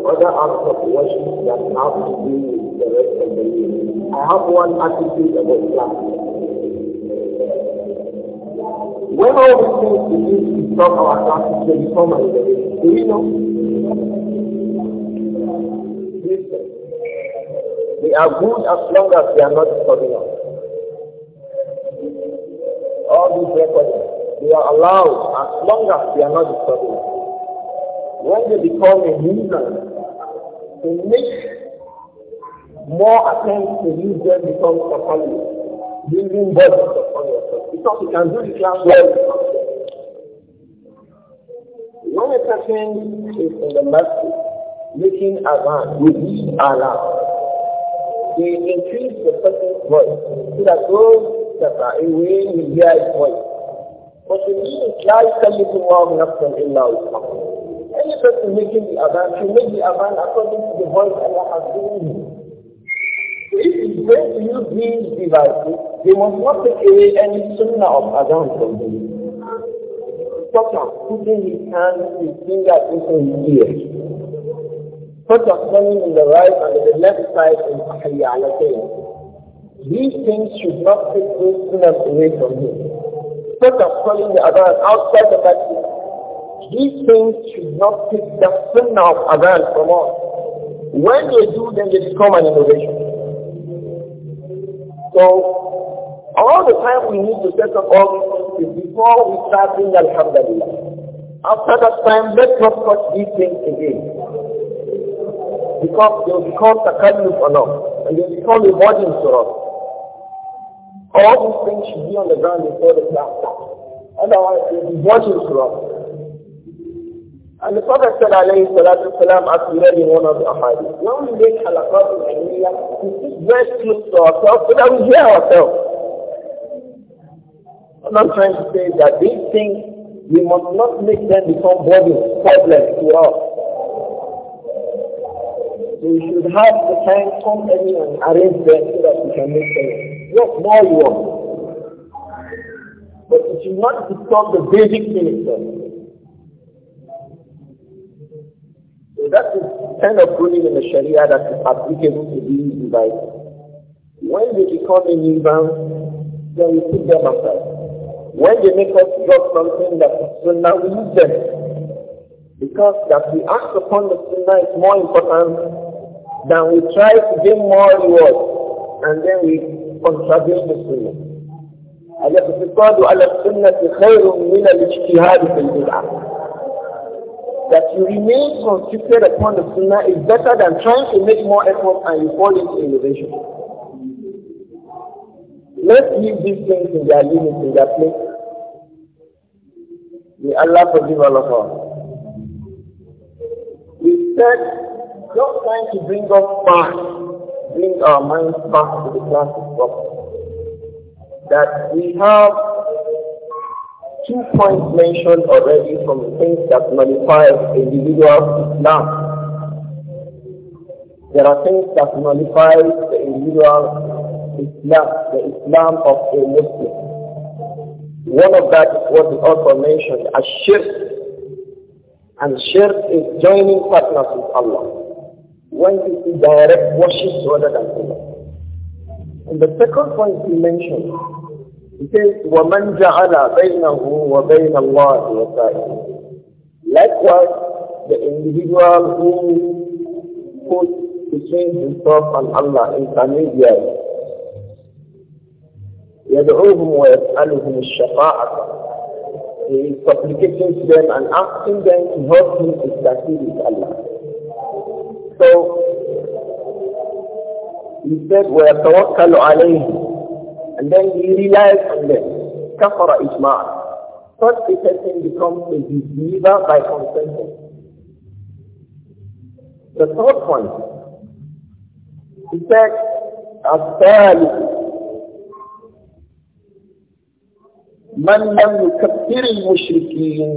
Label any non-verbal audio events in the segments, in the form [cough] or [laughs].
Other acts of worship that have to do with the rest of the year. I have one attitude about that. When all these things begin to stop our practice, they become Do you know? They are good as long as they are not disturbing us. All these recordings, they are allowed as long as they are not disturbing us. When they become a nuisance, to make more attempts to use them becomes upon you, both bodies upon yourself. Because you can do the class well. When a person is in the masjid making adhan with Allah, they increase the person's voice so that those that are away will hear his voice. But in Islam, يكلف الله نفسا إلا وسعها any person making the Adhan should make the Adhan according to the voice Allah has given him. if he's going to use these devices, they must not take away any sunnah of Adhan from him. Such as putting his hand, his finger into his ear. Such as turning in the right and the left side in Tahiyya al These things should not take those sunnahs away from him. Such as calling the Adhan outside the practice these things should not take the sunnah of Adhan from us. When they do, then they become an innovation. So, all the time we need to set up all is before we start doing Alhamdulillah. After that time, let's not touch these things again. Because they will become takalluf for us, and they will become a burden to us. All these things should be on the ground before the class. Otherwise, they will be watching to us. And the Prophet said, alayhi salatu salam, as we read in one of the ahadith, when we make halakhat in Aliyah, we keep very close to ourselves so that we hear ourselves. I'm not trying to say that these things, we must not make them become burdens, problems to us. we should have the time come and arrange them so that we can make them. What more you want? But it should not disturb the basic thing So that is kind of ruling in the Sharia that is applicable to these devices. When they become an nuisance, then we put them aside. When they make us drop something that is sunnah, we use them. Because that we act upon the sunnah is more important than we try to gain more reward and then we contradict the sunnah. الاقتصاد على السنة خير من الاجتهاد في البدعة that you remain constituted upon the sunnah is better than trying to make more effort and you fall into innovation. Let's leave these things in their limits, in their place. May Allah forgive all of us. We said, just trying to bring us back, bring our minds back to the classic book, that we have two points mentioned already from the things that nullify individual Islam. There are things that nullify the individual Islam, the Islam of a Muslim. One of that is what is also mentioned a shirk. And shirk is joining partners with Allah. When see direct worship rather than Allah. And the second point he mentioned he says, وَمَنْ جَعَلَ بَيْنَهُ وَبَيْنَ اللَّهِ وَسَائِلًا Likewise, the individual who put between himself and Allah intermediary, يَدْعُوهُمْ وَيَسْأَلُهُمُ الشَّفَاعَةَ He is supplicating to them and asking them to help him to succeed with Allah. So, he said, وَيَتَوَكَّلُ عَلَيْهِ And then he relies on them. Kafara First he a he becomes a believer by consensus. The third point, he said, الثالث من لم يكفر المشركين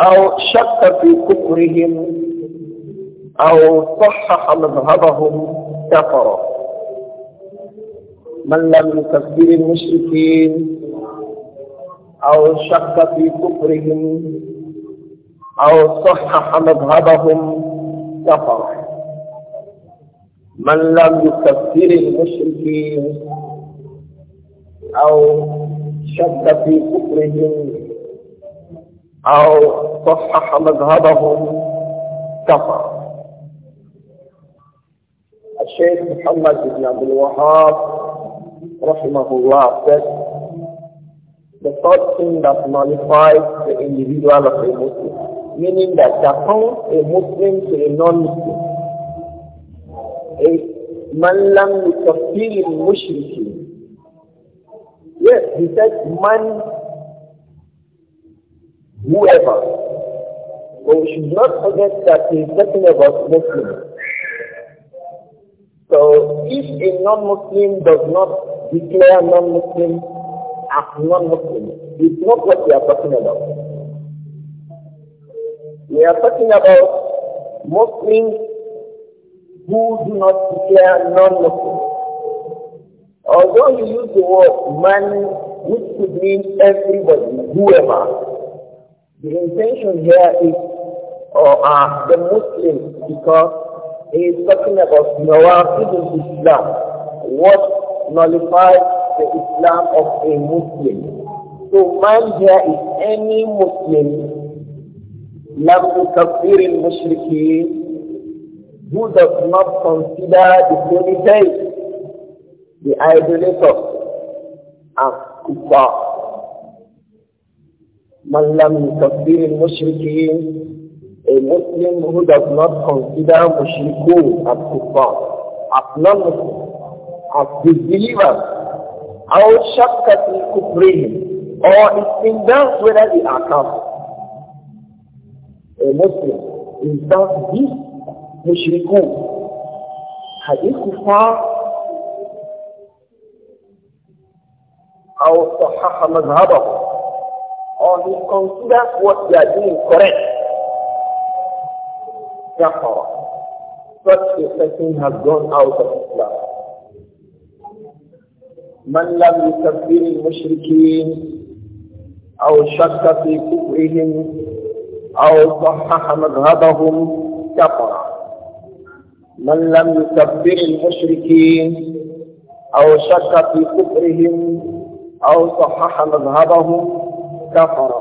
أو شك في كفرهم أو صحح مذهبهم كفر من لم يكفر المشركين أو شك في كفرهم أو صحح مذهبهم كفر من لم يكفر المشركين أو شك في كفرهم أو صحح مذهبهم كفر الشيخ محمد بن عبد الوهاب rahimahullah, said, the third thing that nullifies the individual of a Muslim, meaning that that counts a Muslim to a non-Muslim. A man lam yukafir mushriki. Yes, he said man, whoever. But we should not forget that he is talking about Muslims. So if a non-Muslim does not declare non-Muslims as non-Muslims. It's not what we are talking about. We are talking about Muslims who do not declare non-Muslims. Although you use the word man, which could mean everybody, whoever, the intention here is or uh, are the Muslims because he is talking about Nawaqid al-Islam, what nullifies the Islam of a Muslim. So man here is any Muslim لم in المشركين who does not consider the Day, the idolaters, as Man, من لم in المشركين a Muslim who does not consider mushrikun as kuffar, as non muslim of disbelievers, أو شَكَّةِ him. or is in doubt whether they are kafir. A Muslim is doubt this mushrikun. our kuffar أو صحح مذهبه or he considers what they are doing correct. Therefore, such a person has gone out of Islam. من لم يكفر المشركين أو شك في كفرهم أو صحح مذهبهم كفر من لم يكفر المشركين أو شك في كفرهم أو صحح مذهبهم كفر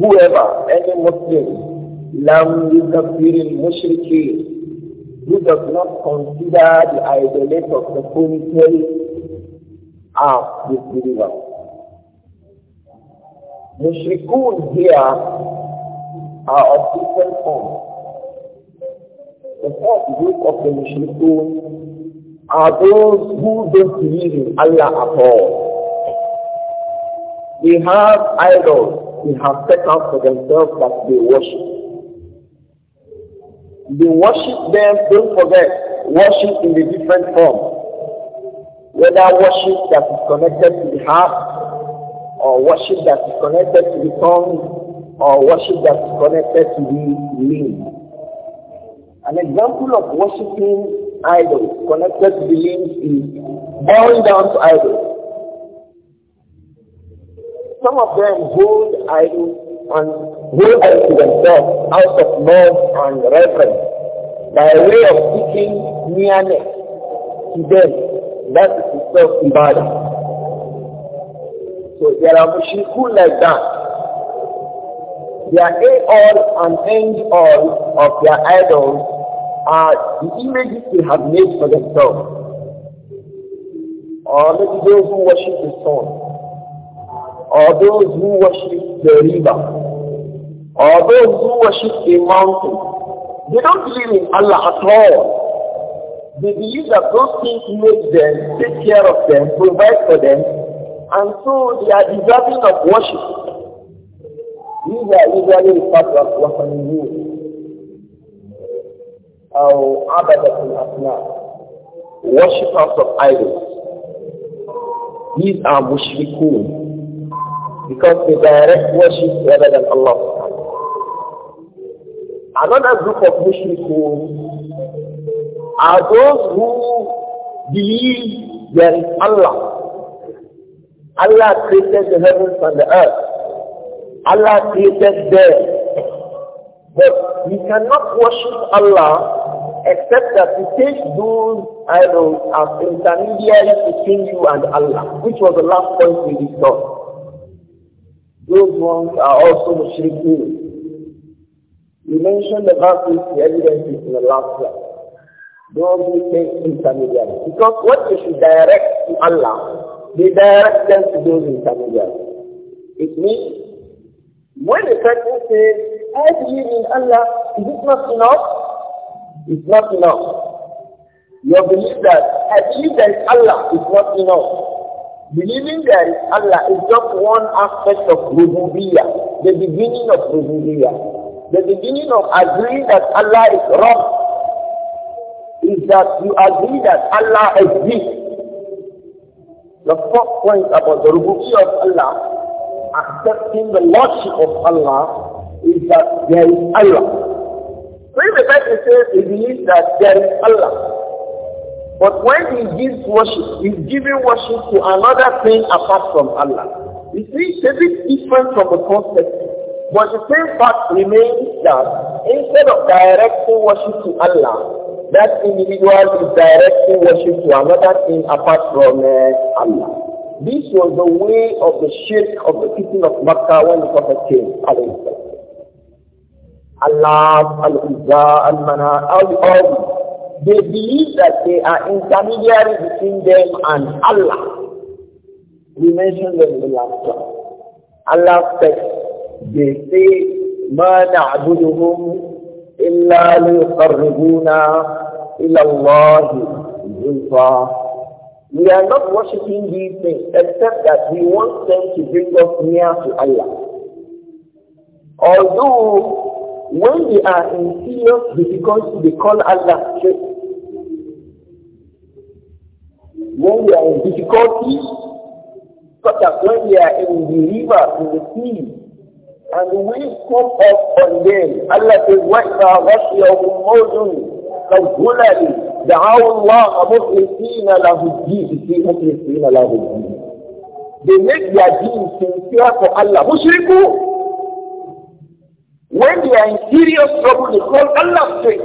whoever any Muslim لم يكفر المشركين he does not consider the isolate of the ponytail as disbeliever. Mushrikun here are of different forms. The fourth group of the Mushrikun are those who don't believe in Allah at all. They have idols they have set out for themselves that they worship. They worship them, don't forget, worship in the different form. Whether worship that is connected to the heart, or worship that is connected to the tongue, or worship that is connected to the limb. An example of worshiping idols connected to the limbs is bowing down to idols. Some of them hold idols and who are to themselves out of love and reverence by way of seeking nearness to them. That is itself ibadah. So there are mushrikun like that. Their A-all and end-all of their idols are the images they have made for themselves. Or maybe those who worship the sun or those who worship the river, or those who worship a mountain, they don't believe in Allah at all. They believe that those things make them, take care of them, provide for them, and so they are deserving of worship. These are usually referred to as wafaniyun, or abadatul Allah, worshippers of idols. These are mushrikun, because they direct worship rather than Allah. Another group of Muslims are those who believe there is Allah. Allah created the heavens and the earth. Allah created them. But we cannot worship Allah except that we take those idols as intermediaries between you and Allah, which was the last point we discussed. Those ones are also mushrikeen. We mentioned about this, the evidences in the last class. Those who take intermediaries. Because what you should direct to Allah, they direct them to those intermediaries. It means, when a person says, I believe in Allah, is it not enough? It's not enough. Your belief that I believe that Allah is not enough. Believing that Allah is just one aspect of rububiyyah, the beginning of rububiyyah. The beginning of agreeing that Allah is wrong is that you agree that Allah exists. The fourth point about the rububiyyah of Allah, accepting the lordship of Allah, is that there is Allah. When the person says he believes that there is Allah, but when he gives worship, he's giving worship to another thing apart from Allah. You see, it's a bit different from the concept. But the same fact remains that instead of directing worship to Allah, that individual is directing worship to another thing apart from uh, Allah. This was the way of the shirk of the people of Makkah when the Prophet came. Allah, Al-Izzah, Al-Mana, all, all they believe that they are intermediary between them and Allah. We mentioned them in the last one. Allah said, they say, ما نعبدهم إلا ليقربونا إلى الله زلفى we are not worshipping these things except that we want them to bring us near to Allah. Although when they are in serious difficulty, they call Allah straight. When they are in difficulty, such as when they are in the river, in the sea, and the waves come up on them, Allah says, وَإِذَا غَشِيَهُمْ مَوْجٌ كالظلل دعوا الله مخلصين له the في مخلصين له الدين They make their deen sincere for Allah. Mushriku, when they are in serious trouble, they call Allah straight.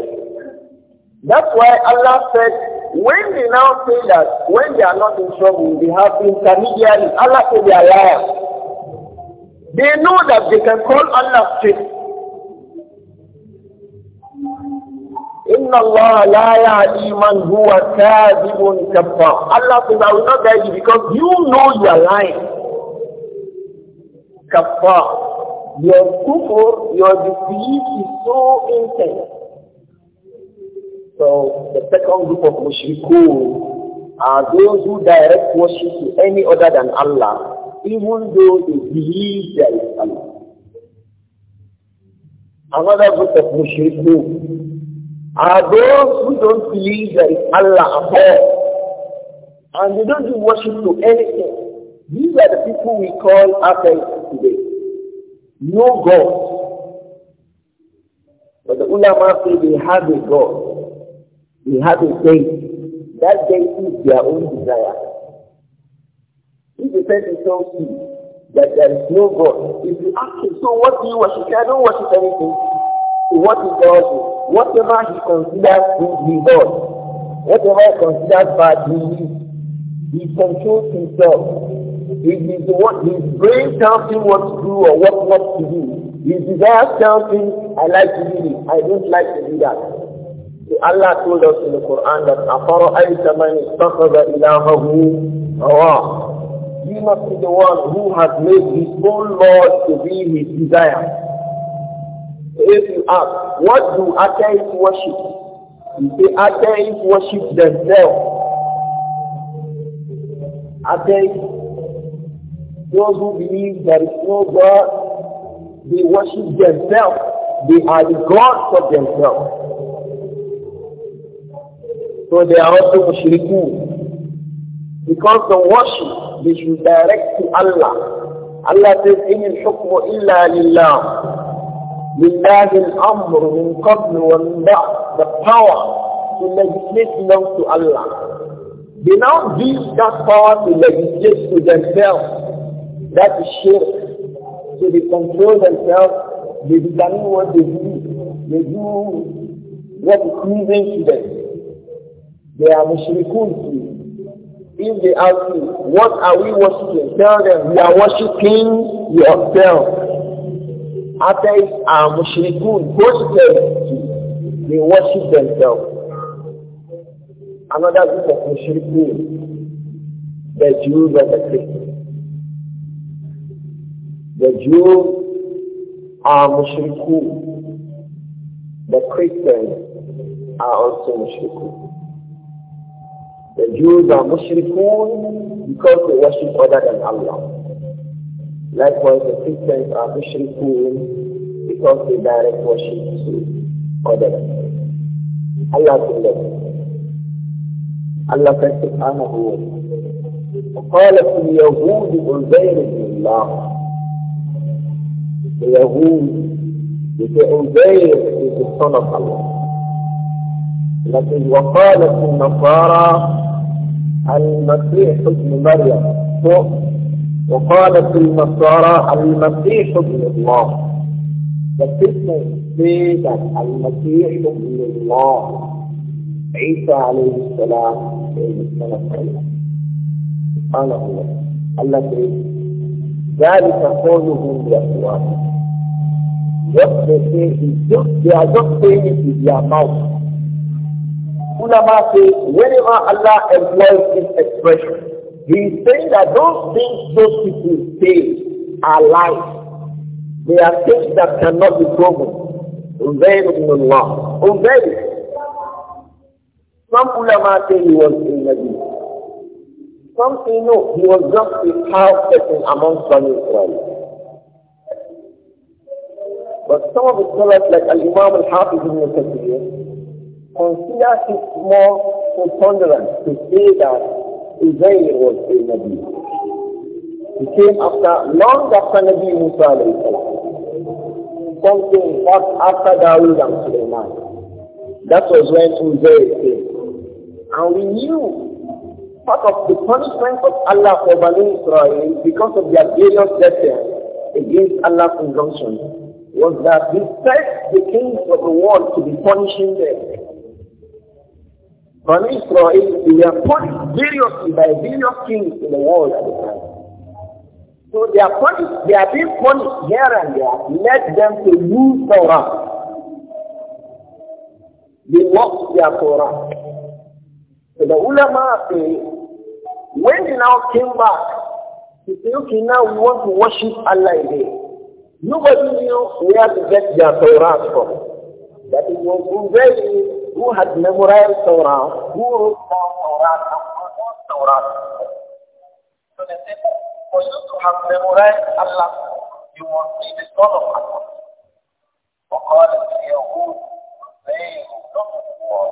That's why Allah said, when they now say that, when they are not in trouble, they have intermediaries. Allah said they are liars. They know that they can call Allah straight. Inna Allah la ya'li man huwa kadhibun kafar. Allah says, I will not guide you because you know you are lying. Kafar. Your kufr, your disbelief is so intense. So the second group of mushrikun are those who direct worship to any other than Allah, even though they believe there is Allah. Another group of mushrikun are those who don't believe there is Allah at all. And they don't do worship to anything. These are the people we call atheists today no God. But the ulama say they have a God. They have a deity. That deity is their own desire. If the person tells you that there is no God, if you ask him, so what do you worship? I don't worship anything. So what is God? Whatever he considers good, he God. Whatever he considers bad, he He controls himself his, his, what, his brain tells him what to do or what not to do. His desire tells him, I like to do this, I don't like to do that. So Allah told us in the Quran that أَفَرَأَيْتَ مَنِ اتَّخَذَ إِلَهَهُ هَوَاهُ He must be the one who has made his own Lord to be his desire. If you ask, what do atheists worship? You say atheists worship themselves. Atheists those who believe there is no God, they worship themselves. They are the gods of themselves. So they are also mushrikun. Because the worship, they should direct to Allah. Allah says, إِنِ الْحُكْمُ إِلَّا لِلَّهِ لِلَّهِ الْأَمْرُ مِنْ قَبْلُ وَمِنْ بَعْدُ The power to legislate belongs to Allah. They now give that power to legislate to themselves. That is shirk. So they control themselves, they determine what they do, they do what is pleasing to them. They are mushrikun if they ask you, what are we worshiping? Tell them, we are worshiping yourself. Others are mushrikun, prostitutes. They worship themselves. Another group of mushrikun, the Jews and the Christians. The Jews are mushrikun. The Christians are also mushrikun. The Jews are mushrikun because they worship other than Allah. Likewise, the Christians are mushrikun because they direct worship to other than Allah. Allah Allah says subhanahu wa ta'ala, وقالت اليهود عزير بن الله اليهود بتعبير في سلطة الله لكن وقالت النصارى المسيح ابن مريم وقالت النصارى المسيح ابن الله فكيف سيدا المسيح ابن الله عيسى عليه السلام عليه السلام سبحانه الله التي ذلك قوله بأقوالهم What they say is just, they are just saying it with their mouth. Ulama say, whenever Allah employs this expression, he is saying that those things those people say are lies. They are things that cannot be proven. Ubayr ibn Allah. Ubayr. Some ulama say he was a Nabi. Some say no, he was not a child person among Bani Israel. But some of the scholars like Al-Imam Al-Hafiz Ibn Kathir consider it more preponderant to say that Uzair was a Nabi. He came after, long after Nabi Musa alayhi salam. Something in after Dawud and Sulaiman. That was when Uzair came. And we knew part of the punishment of Allah for Bani Israel because of their various deaths against Allah's injunction was that he set the kings of the world to be punishing them. Bani Israel, they were punished variously by various kings in the world at the time. So they are punished, they are being punished here and there, led them to lose Torah. They lost their Torah. So the ulama say, when they now came back, they say, okay, now we want to worship Allah again. Nobody knew where to get their Torah from. That it was Uzayr who had memorized Torah, who wrote down Torah who pronounced Torah. So they said, for you to have memorized Allah, you must be the son of Allah. وقالت اليهود زيد ابن الله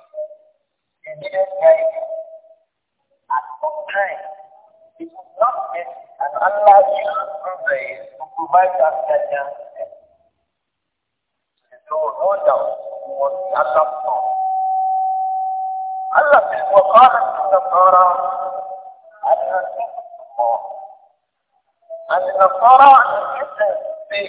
sincere charity at some time, it will not end and Allah to provide us guidance. So no doubt we must adapt to. Allah says, وقالت النصارى the الله and the Nasara and the Christians say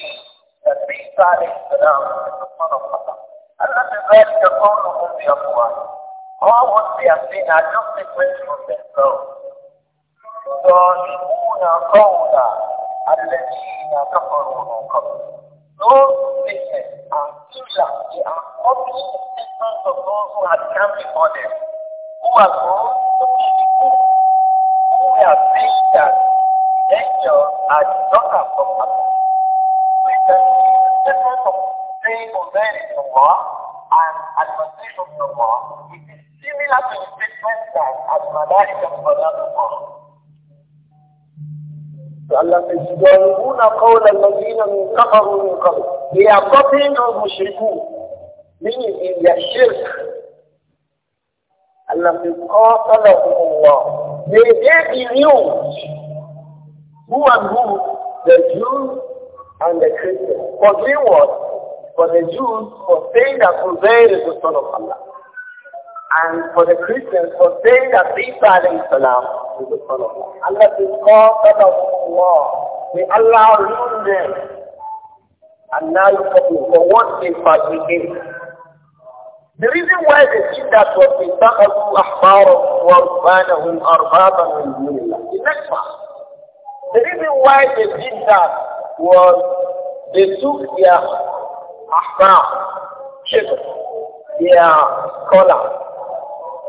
that Isa alayhi salam in the son of Allah. Allah says, ذلك قولهم بأقوالهم all what they are saying are just different from themselves. يضاهئون قولا الذين كفروا من قبل. Those statements are similar. They are copying the statements of those who had come before them, who are going to be people who are saying that angels are the daughter from We can see the difference of saying obeying Allah and admonishing Allah is similar to the statement that as Malaika Balaam Allah says, يَرْهُونَ قَوْلَ الَّذِينَ مِنْ كَفَرُوا مِنْ قَبْلِ They are copying of mushrikun, meaning in their shirk. Allah says, قَاتَلَهُمُ اللَّهُ They gave you who and who, the Jews and the Christians. For doing what? For the Jews, for saying that Hosea is the son of Allah. And for the Christians, for saying that Isa alayhi salam is the son of Allah. Allah is called son of Allah. May Allah ruin them. And now you for what they fabricate. The reason why they did that was the اتخذوا أحبارهم ورهبانهم أربابا The next one. The reason why they did that was they took their أحبار, shepherds, their color.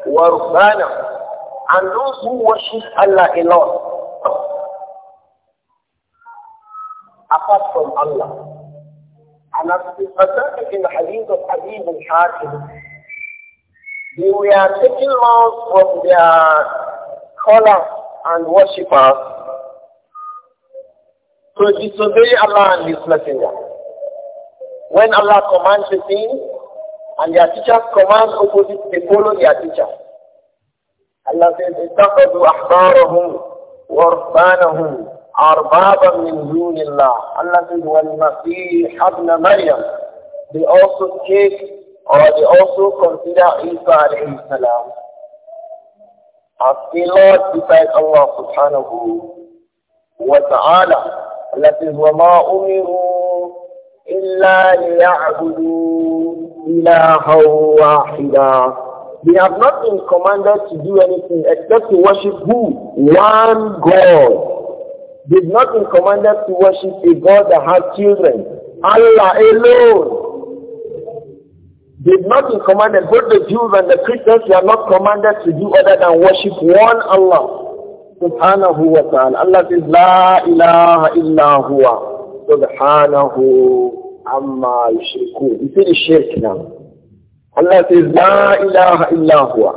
وَرُبَّانَ And those who worship Allah alone, apart from Allah. And as stated in the hadith of Abi bin Hatim, they were taking laws from their scholars and worshippers to disobey Allah and His Messenger. When Allah commands a thing, And their teacher command opposite, they follow their teacher. Allah says, اتخذوا أحبارهم ورهبانهم أربابا من دون الله. Allah says, والمسيح ابن مريم. They also take or they also consider Isa alayhi salam as the Lord beside Allah subhanahu wa ta'ala. Allah says, وَمَا أُمِرُوا إلا ليعبدوا إلها واحدا They have not been commanded to do anything except to worship who? One God. They've not been commanded to worship a God that has children. Allah alone. They've not been commanded, both the Jews and the Christians, they are not commanded to do other than worship one Allah. Subhanahu wa ta'ala. Allah says, La ilaha illa huwa subhanahu amma yushrikun. You the shirk now. Allah says, La ilaha illa huwa.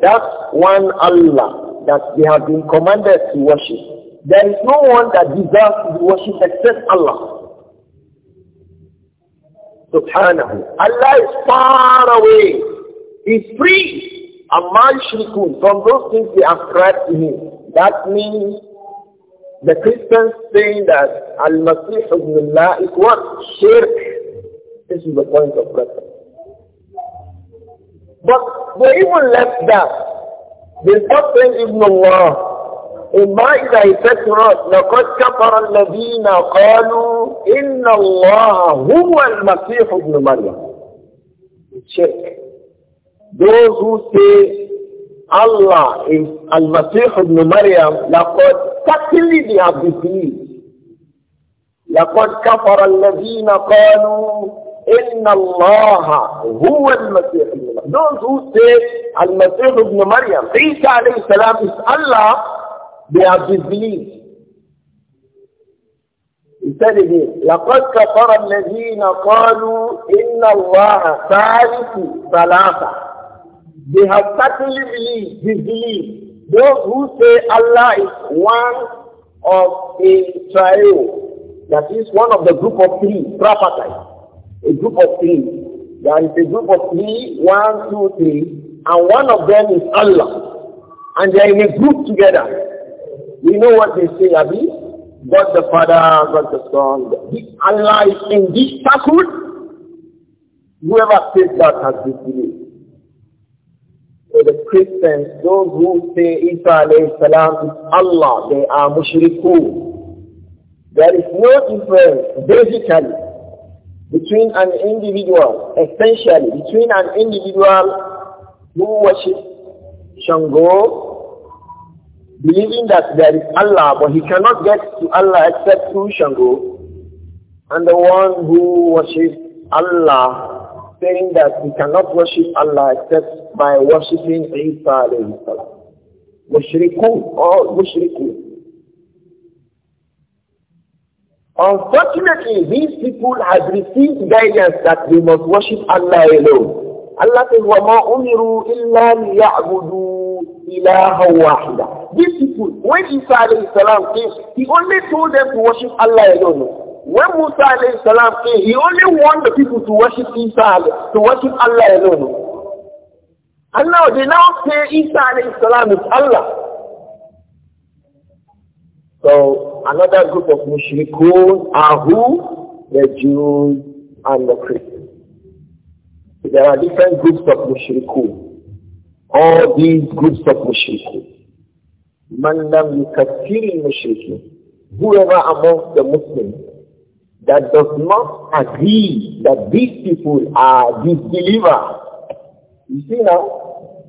That's one Allah that they have been commanded to worship. There is no one that deserves to be worshipped except Allah. Subhanahu. Allah is far away. He's free. Amma yushrikun. From those things they ascribe to him. That means the Christians saying that Al-Masih ibn Allah is what? Shirk. This is the point of reference. But they even left that. They stopped saying Ibn Allah. In Maida he said to us, لَقَدْ كَفَرَ الَّذِينَ قَالُوا إِنَّ اللَّهَ هُوَ الْمَسِيحُ ibn Maryam. Shirk. Those who say Allah is Al-Masih ibn Maryam, لقد certainly they have لقد كفر الذين قالوا إن الله هو المسيح ابن مريم. Those who say المسيح ابن مريم, عيسى عليه السلام is Allah, they have disbelieved. الثالث لقد كفر الذين قالوا إن الله ثالث ثلاثة They have certainly believed, disbelieved. Those who say Allah is one of a trio, that is one of the group of three, tripartite, a group of three. There is a group of three, one, two, three, and one of them is Allah. And they are in a group together. We know what they say, Abi. God the Father, God the Son. Allah is in this circle. Whoever says that has disbelieved. For the Christians, those who say Isa alayhi salam is Allah, they are Mushriku. There is no difference, basically, between an individual, essentially, between an individual who worships Shango, believing that there is Allah, but he cannot get to Allah except through Shango, and the one who worships Allah saying that we cannot worship Allah except by worshipping Isa alayhi salam. Mushrikun, all mushrikun. Unfortunately, these people have received guidance that they must worship Allah alone. Allah says, وَمَا أُمِرُوا إِلَّا لِيَعْبُدُوا إِلَهًا وَاحِدًا These people, when Isa alayhi salam came, he only told them to worship Allah alone. When Musa alayhi salam came, he only warned the people to worship Isa, to worship Allah alone. And now they now say Isa alayhi salam is Allah. So another group of mushrikun are who? The Jews and the Christians. There are different groups of mushrikun. All these groups of mushrikun. Man lam yukaffir mushrikun. Whoever amongst the Muslims that does not agree that these people are disbelievers. You see now,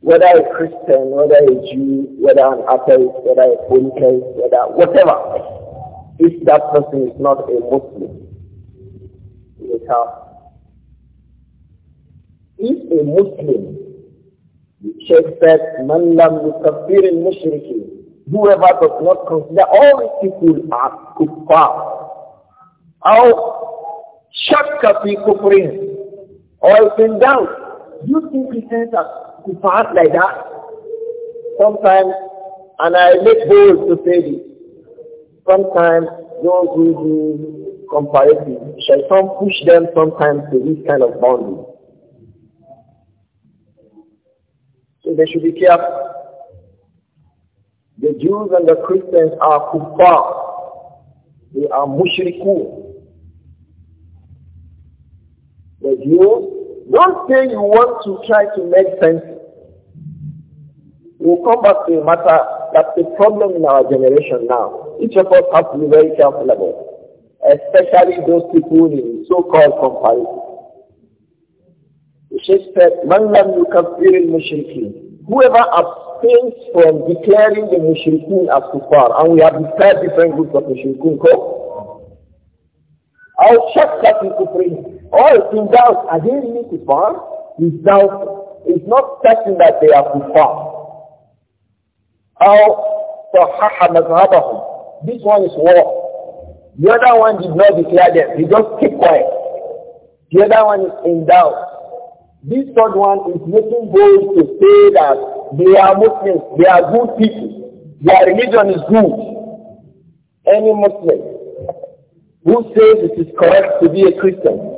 whether a Christian, whether a Jew, whether an atheist, whether a polytheist, whether whatever, if that person is not a Muslim, it has. If a Muslim, the Sheikh said, "Man lam yukafir mushriki whoever does not consider all these people are kuffar, أو شك في كفرهم or it's in doubt. You think Christians to kuffar like that? Sometimes, and I make bold to say this, sometimes those who do shall some push them sometimes to this kind of boundary. So they should be careful. The Jews and the Christians are kuffar. They are mushrikun. But you don't say you want to try to make sense. We'll come back to a matter that's a problem in our generation now. Each of us have to be very careful about, especially those people in so-called comparison. The Sheikh said, "Man lam yukaffir al-mushrikeen." Whoever abstains from declaring the mushrikeen as kuffar, and we have described different groups of mushrikeen, will أو that في كفرهم or in doubt, are they really kuffar? He's doubt. is not certain that they are kuffar. How This one is war. The other one did not declare them. He just keep quiet. The other one is in doubt. This third one is making bold to say that they are Muslims, they are good people, their religion is good. Any Muslim who says it is correct to be a Christian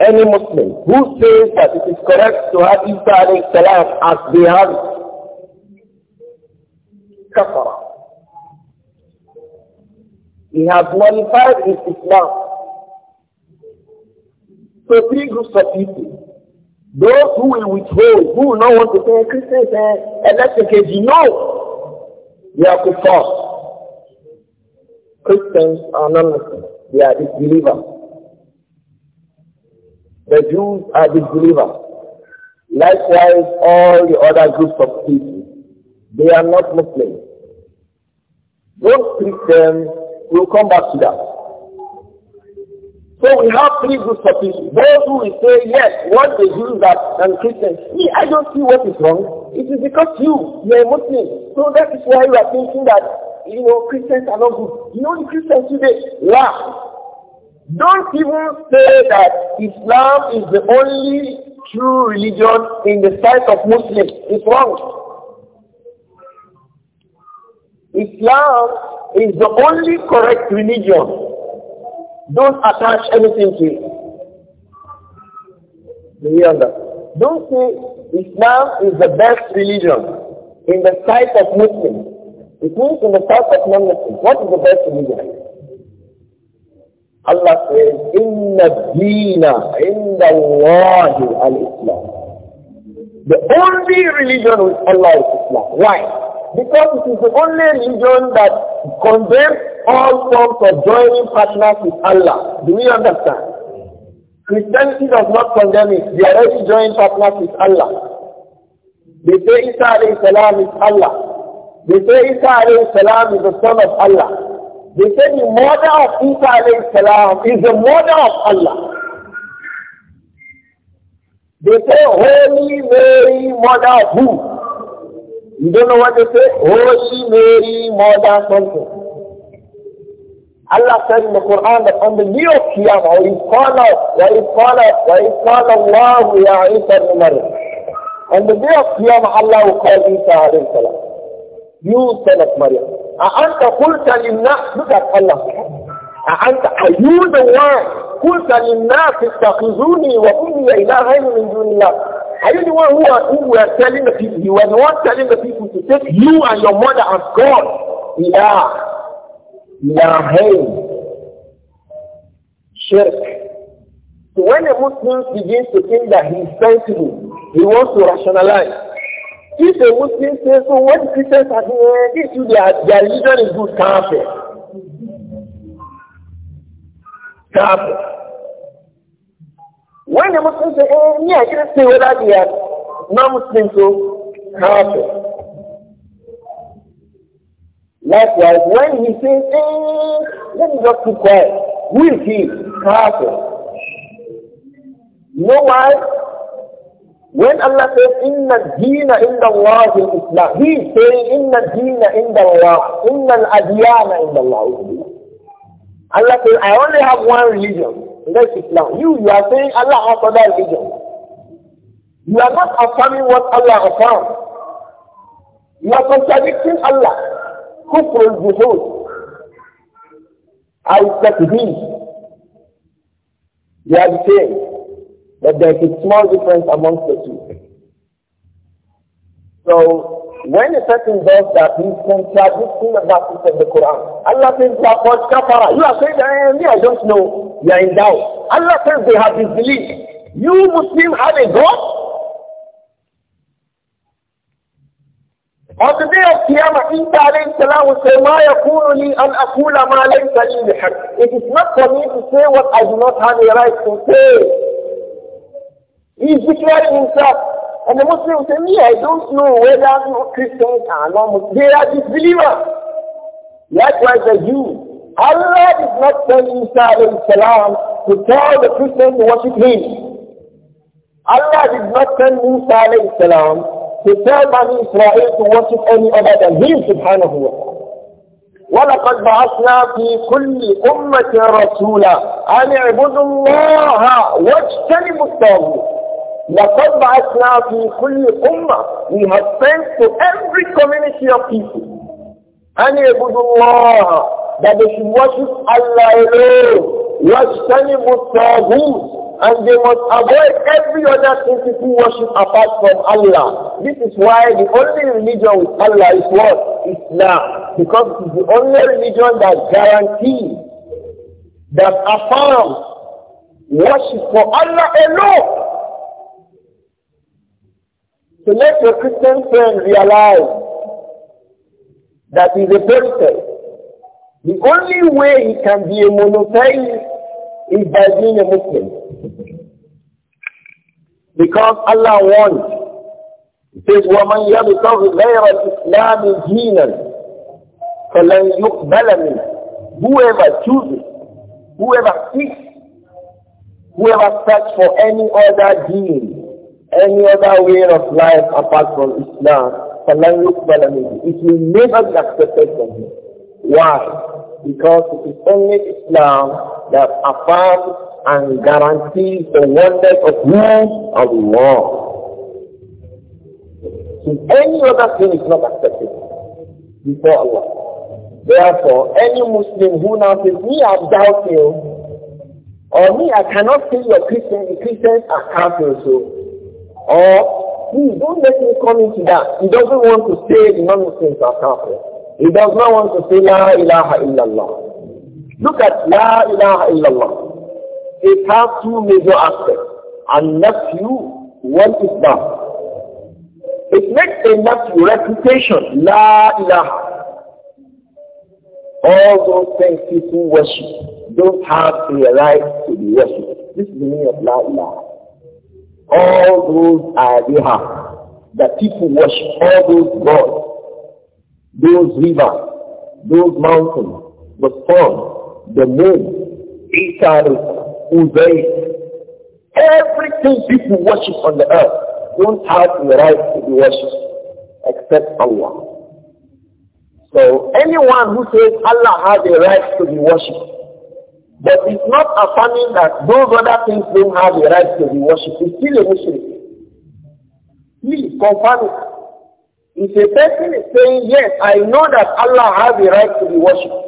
any Muslim who says that it is correct to have Isa alayhi salam as they have kafara. He has modified his Islam. So three groups of people. Those who will withhold, who will not want to say Christians and eh, electric no. They are kuffar. Christians are non-Muslims. They are disbelievers. The Jews are the believers. Likewise, all the other groups of people, they are not Muslims. Those Christians we'll come back to that. So we have three groups of people. Those who will say, yes, what the Jews are and Christians. Me, I don't see what is wrong. It is because you, you are Muslim. So that is why you are thinking that, you know, Christians are not good. You know the Christians today laugh don't even say that Islam is the only true religion in the sight of Muslims. It's wrong. Islam is the only correct religion. Don't attach anything to it. Do you understand? Don't say Islam is the best religion in the sight of Muslims. It means in the sight of non-Muslims. What is the best religion? Allah says, Inna Dina, Inna Allahi al-Islam. The only religion with Allah is Islam. Why? Because it is the only religion that condemns all forms of joining partners with Allah. Do we understand? Christianity does not condemn it. They already joined partners with Allah. They say Isa alayhi salam is Allah. They say Isa alayhi salam is the son of Allah. They say the mother of Isa alayhi salam is the mother of Allah. They say Holy Mary, mother of who? You don't know what they say? Holy Mary, mother something. Allah said in the Quran that on the day of Qiyamah, وَإِذْ قَالَ وَإِذْ قَالَ وَإِذْ قَالَ اللَّهُ يَا عِيسَى ابْنِ مَرْيَمَ On the day of Qiyamah, Allah will call Isa alayhi salam. You son of Maryam. A'anta kulta linnas. Look at Allah. A'anta, are you the one? Kulta linnas istakhizuni wa ummiya ilahayn min dunillah. Are you the one who, are, who were telling the people, you were the one telling the people to take you and your mother as God? Yeah. Ilahayn. Shirk. So when a Muslim begins to think that he is sensible, he wants to rationalize. If a Muslim says so, what?" Christians are doing eh, this, their, their religion is good, kafir. Kafir. When the Muslims say, oh, me, I can't say whether they are non-Muslims, so kafir. Likewise, when he says, eh, let me just keep quiet, will he, kafir. You know why? When Allah says, Inna deena inda Allah in Islam, He is saying, Inna deena inda Allah, Inna al-adiyana inda Allah. Allah says, I only have one religion, that's Islam. You, you are saying Allah has other religion. You are not affirming what Allah affirmed. You are contradicting Allah. Kufr al-Juhud. to him, "You are the same. But there is a small difference amongst the two. So when a person does that, he's contradicting the verses of the Quran. Allah says, kafara. You are saying, I, I don't know. You are in doubt. Allah says they have disbelieved. You Muslim have a God? On the day of Qiyamah, Isa alayhi salam will say, مَا يَكُونُ لِي أَنْ أَقُولَ It is not for me to say what I do not have a right to say. He declaring himself. And the Muslims say, me, I don't know whether Christians are non-Muslims. They are disbelievers. Likewise the Jews. Allah did not send Isa alayhi salam to tell the Christians to worship him. Allah did not send Musa alayhi salam to tell Bani Israel to worship any other than him subhanahu wa ta'ala. ولقد بعثنا في كل أمة رسولا أن اعبدوا الله واجتنبوا الطاغوت لَقَدْ بَعَثْنَا فِي كُلِّ أُمَّةٍ We have sent to every community of people أن يعبدوا الله that they should worship Allah alone وَاجْتَنِبُوا الطَّاغُوتِ and they must avoid every other thing to worship apart from Allah. This is why the only religion with Allah is what? Islam. Because it is the only religion that guarantees, that affirms worship for Allah alone. To let your Christian friend realize that he's a prophet. The only way he can be a monotheist is by being a Muslim. Because Allah wants. He says, وَمَنْ يَبْتَغِ غَيْرَ الْإِسْلَامِ دِينًا فَلَنْ يُقْبَلَ مِنْهُ Whoever chooses, whoever seeks, whoever searches for any other deen, any other way of life apart from Islam, it will never be accepted from him. Why? Because it is only Islam that affirms and guarantees the oneness of whom? Allah. So any other thing is not accepted before Allah. Therefore, any Muslim who now says, me I doubt you, or me I cannot see your Christian, the Christians are counting so, or, please don't let me come into that. He doesn't want to say the non are kafir. He does not want to say La ilaha illallah. Look at La ilaha illallah. It has two major aspects. And nephew, one is that. It makes a nephew reputation. La ilaha. All those things people worship don't have a right to be worshipped. This is the meaning of La ilaha. All those are biha. The people worship all those gods, those rivers, those mountains, the sun, the moon, Isa, Uzay. Everything people worship on the earth don't have the right to be worshipped except Allah. So anyone who says Allah has a right to be worshipped but it's not affirming that those other things don't have a right to be worshipped. It's still a Muslim. Please confirm it. If a person is saying, yes, I know that Allah has a right to be worshipped,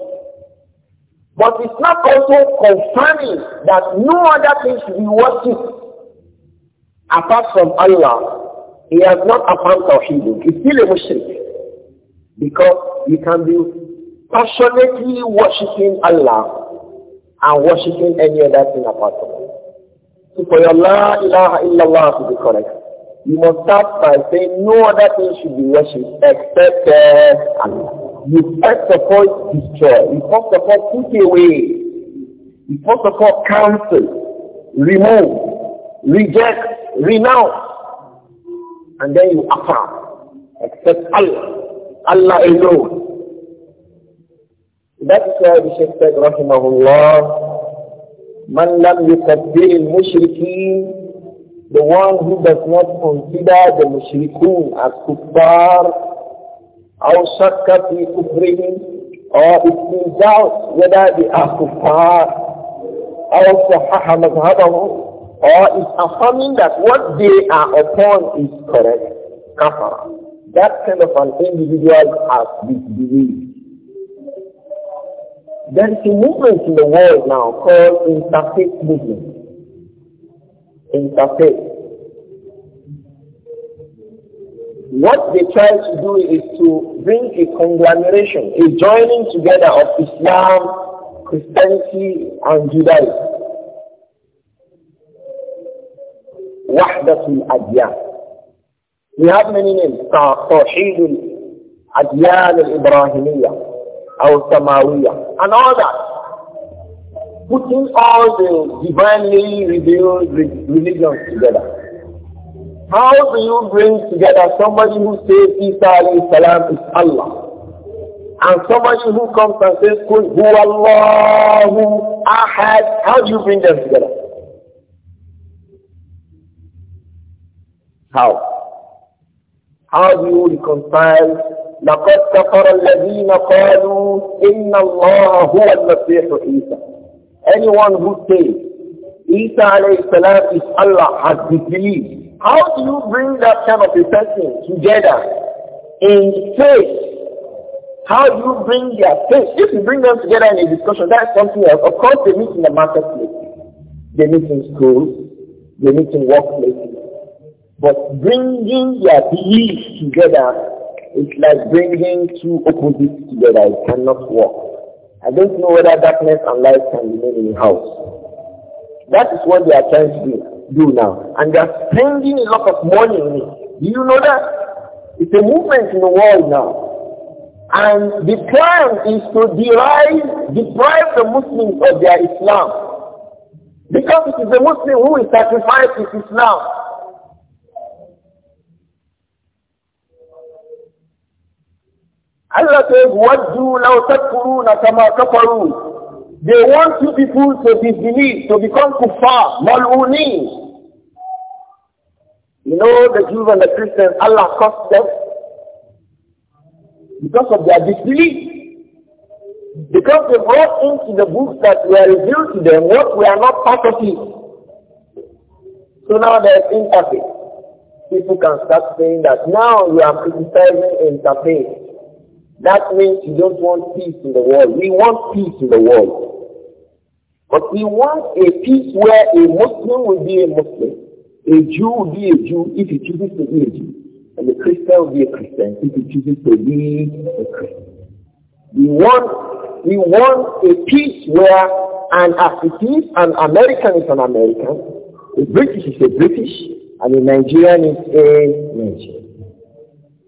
but it's not also confirming that no other thing should be worshipped apart from Allah, he has not affirmed Tawheed. He's still a mushrik. Because you can be passionately worshipping Allah and worshipping any other thing apart from Allah. So for your La ilaha illallah to be correct, you must start by saying no other thing should be worshipped except uh, Allah. You first of all destroy, you first of all put away, you first of all cancel, remove, reject, renounce, and then you affirm, except Allah, Allah alone. That is why the Shaykh said, Rahimahullah, Man lam yukabbir mushrikeen the one who does not consider the mushrikun as kuffar, aw shakka fi kufrihim, or it means out whether they are kuffar, aw sahaha madhabahum, or is affirming that what they are upon is correct, kafara. That kind of an individual has disease. There is a movement in the world now called interfaith movement. Interfaith. What they try to do is to bring a conglomeration, a joining together of Islam, Christianity, and Judaism. Wahdatul Adyan. We have many names. Tawheed al al Al Samawiya, and all that. Putting all the divinely revealed religions together. How do you bring together somebody who says Isa alayhi salam is Allah? And somebody who comes and says Kun Hu Allahu Ahad. How do you bring them together? How? How do you reconcile لقد كفر الذين قالوا إن الله هو المسيح عيسى anyone who says Isa alayhi salam is Allah has disbelieved how do you bring that kind of a person together in faith how do you bring their faith if you bring them together in a discussion that's something else of course they meet in the marketplace they meet in schools they meet in workplaces but bringing their beliefs together it's like bringing two opposites together. It cannot work. I don't know whether darkness and light can remain in a house. That is what they are trying to do, do now. And they are spending a lot of money on it. Do you know that? It's a movement in the world now. And the plan is to derive, deprive the Muslims of their Islam. Because it is the Muslim who is sacrificing Islam. Allah says, What do law takfuruna kama kafaru? They want you people to disbelieve, to become kuffar, mal'uni. You know the Jews and the Christians, Allah cursed them because of their disbelief. Because they brought into the books that were revealed to them what we are not part of it. So now there is interfaith. People can start saying that now you are criticizing interfaith. That means you don't want peace in the world. We want peace in the world. But we want a peace where a Muslim will be a Muslim, a Jew will be a Jew if he chooses to be a Jew, and a Christian will be a Christian if he chooses to be a Christian. We want, we want a peace where an African, an American is an American, a British is a British, and a Nigerian is a Nigerian.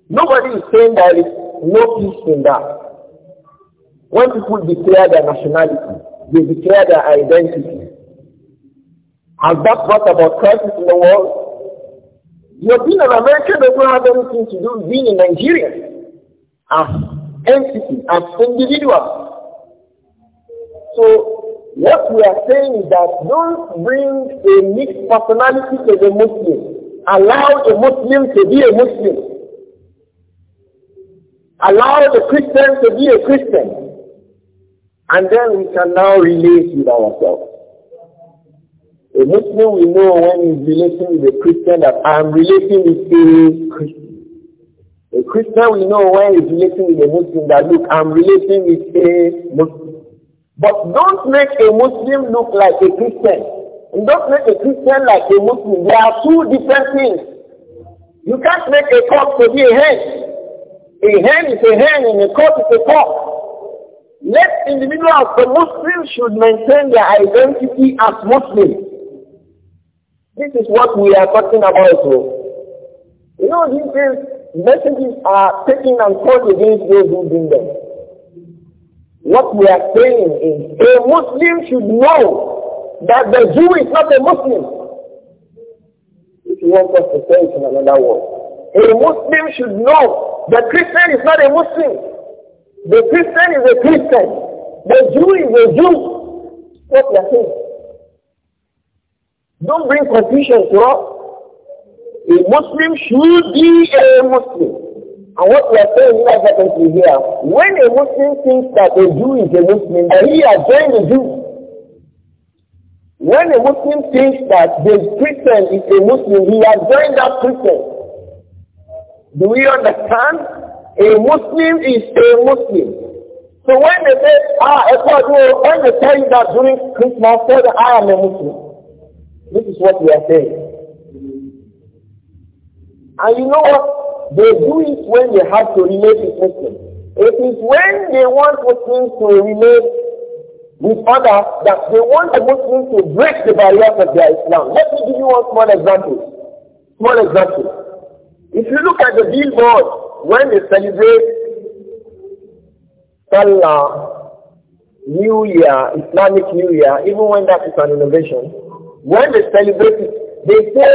Nobody is saying that no peace in that. When people declare their nationality, they declare their identity. Has that brought about crisis in the world? Your being an American does not have anything to do with being a Nigerian as entity, as individual. So what we are saying is that don't bring a mixed personality to the Muslim. Allow a Muslim to be a Muslim. Allow the Christian to be a Christian. And then we can now relate with ourselves. A Muslim we know when he's relating with a Christian that I'm relating with a Christian. A Christian we know when he's relating with a Muslim that look, I'm relating with a Muslim. But don't make a Muslim look like a Christian. And don't make a Christian like a Muslim. There are two different things. You can't make a cross to be a head. A hand is a hand and a cup is a cup. Let individuals, the Muslims should maintain their identity as Muslims. This is what we are talking about. You know, these days, messages are taken and thrown against those who bring them. What we are saying is a Muslim should know that the Jew is not a Muslim. If you want us to say it in another word. A Muslim should know the Christian is not a Muslim. The Christian is a Christian. The Jew is a Jew. What you are saying. Don't bring confusion to us. A Muslim should be a Muslim. And what we are saying here is here. When a Muslim thinks that a Jew is a Muslim, that he has joined the Jew. When a Muslim thinks that the Christian is a Muslim, he has joined that Christian. Do we understand? A Muslim is a Muslim. So when they say, ah, when they tell you that during Christmas, say that I am a Muslim. This is what we are saying. And you know what? They do it when they have to relate with Muslims. It is when they want Muslims to relate with others that they want the Muslims to break the barriers of their Islam. Let me give you one small example. Small example. If you look at the billboard, when they celebrate Salah, New Year, Islamic New Year, even when that is an innovation, when they celebrate it, they say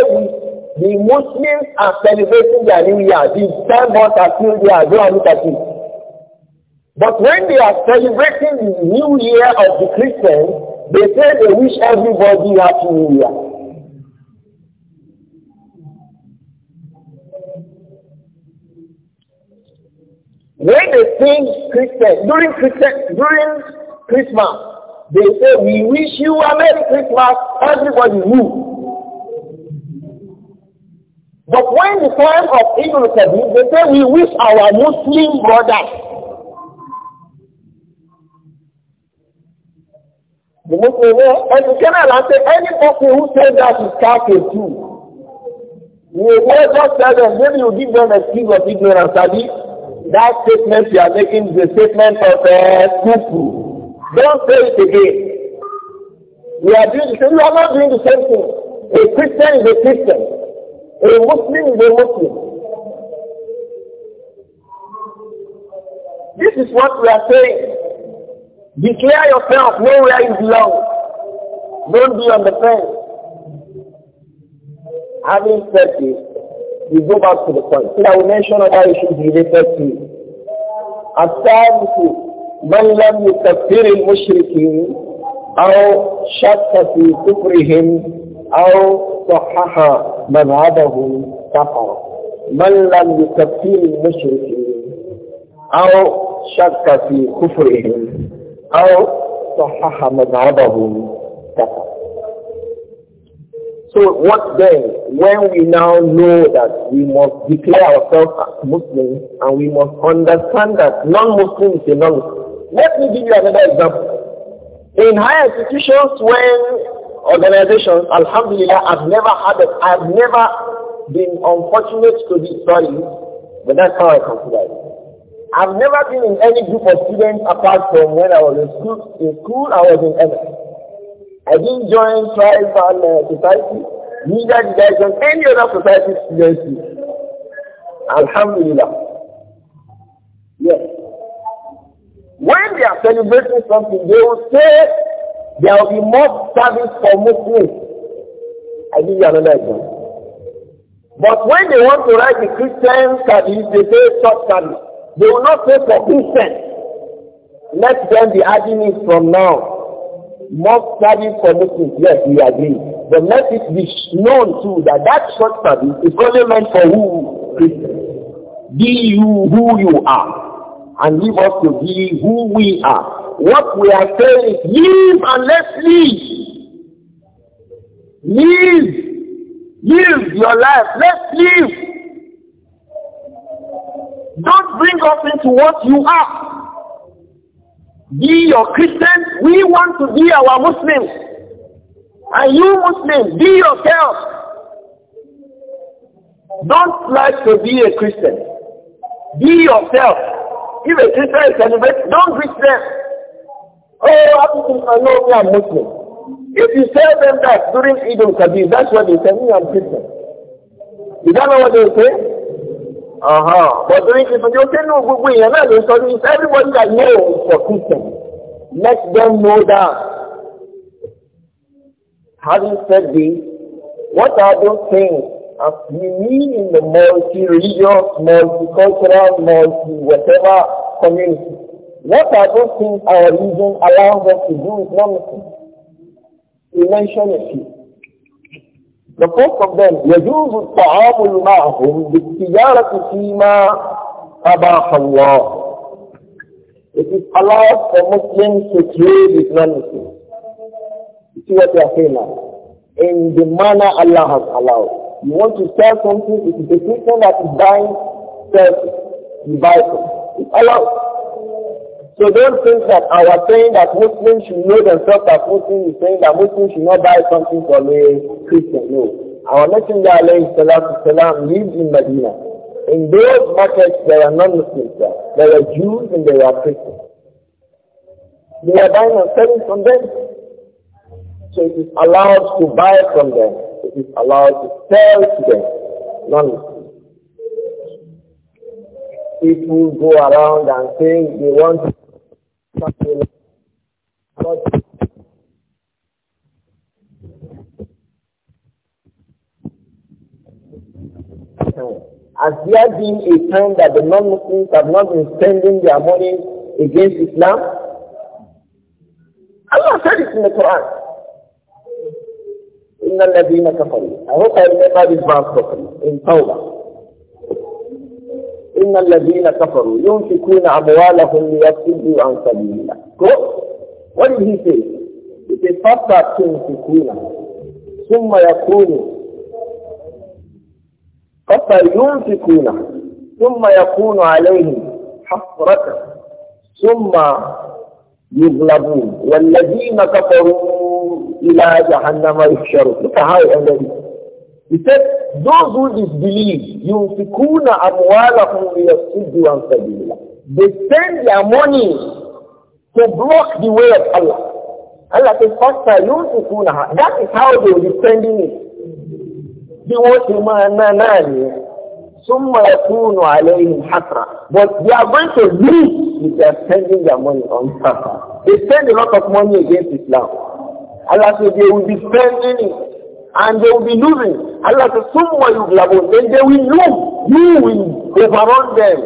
the Muslims are celebrating their New Year. The signboards are still there. Go and look at it. But when they are celebrating the New Year of the Christians, they say they wish everybody Happy New Year. When they sing Christmas during Christmas during Christmas, they say, we wish you a Merry Christmas, everybody move. But when the time of Eagle comes, they say we wish our Muslim brothers. The Muslim, and the general say any person who says that is Kafir too. You will just tell them, maybe you give them a excuse of ignorance, that statement you are making is a statement of a uh, kufu. Don't say it again. We are doing the same. We are not doing the same thing. A Christian is a Christian. A Muslim is a Muslim. This is what we are saying. Declare yourself, know where you belong. Don't be on the fence. Having said this, we go back to the point. So I will mention other issues related to it. الثالث من لم يكفر المشركين أو شك في كفرهم أو صحح مذهبهم كفر من لم يكفر المشركين أو شك في كفرهم أو صحح مذهبهم كفر So what then, when we now know that we must declare ourselves as Muslims and we must understand that non-Muslim is a non-Muslim. Let me give you another example. In higher institutions, when organizations, alhamdulillah, I've never had, a, I've never been unfortunate to be sorry, but that's how I consider it. I've never been in any group of students apart from when I was in school. In school, I was in MS. I didn't join tribal uh, society, neither did I join any other society previously. Alhamdulillah. Yes. When they are celebrating something, they will say there will be more service for Muslims. I give you another example. But when they want to write the Christian service, they say short service. They will not say for Christians. Let them be adding it from now. More study for Muslims, yes, we agree. But let it be known too that that short study is only meant for who? Be you who you are. And leave us to be who we are. What we are saying is live and let's live. Live. Live your life. Let's live. Don't bring us into what you are be your Christian. We want to be our Muslims. And you Muslims, be yourself. Don't like to be a Christian. Be yourself. If a Christian is celebrate, don't greet them. Oh, happy Christmas, no, me, I'm Muslim. If you tell them that during Eid al-Kabir, that's what they say, me, I'm Christian. You do not know what they say? Uh-huh. But during Christmas, you say, no, good way. And then so it's everybody that knows for Christian. Let them know that. Having said this, what are those things as we mean in the multi-religious, multicultural, multi-whatever community? What are those things our religion allows us to do is not We mention a few. The first of them, يَجُوزُ الطَّعَامُ مَعَهُمْ بِالتِّجَارَةِ فِيمَا أَبَاحَ اللَّهُ It is allowed for Muslims to trade with non-Muslims. You see what they are saying now? In the manner Allah has allowed. You want to sell something, it is the person that is buying, sells, you buy it. It's allowed. So don't think that our saying that Muslims should know themselves as Muslims is saying that Muslims should not buy something from a Christian. No. Our Messenger alayhi salatu salam lived in Medina. In those markets there are non-Muslims there. There are Jews and there are Christians. They are buying and selling from them. So it is allowed to buy from them. It is allowed to sell to them. Non-Muslims people go around and saying they want to has there been a time that the non-Muslims have not been spending their money against Islam? Allah said it in the Quran. إِنَّ I hope I remember this verse properly in Tawbah. إن الذين كفروا ينفقون أموالهم ليصدوا عن سبيل الله. What did he say? He said, فَقَدْ تُنْفِقُونَ ثم يكون قد ينفقون ثم يكون عليهم حفرة ثم يغلبون والذين كفروا إلى جهنم يحشرون Look at how it ended. He said, those who disbelieve, see أَمْوَالَهُمْ لِيَصُدُّوا عَنْ سَبِيلِ اللَّهِ They spend their money to block the way of Allah. Allah says, فَاسْتَ يُنْفِكُونَهَا That is how they will be spending it. They want to mananani. ثُمَّ يَكُونُ in حَسْرًا But they are going to lose if they are spending their money on Islam. They spend a lot of money against Islam. Allah says they will be spending it and they will be losing. Allah says, Summa yuglabun. Then they will lose. You will overrun them.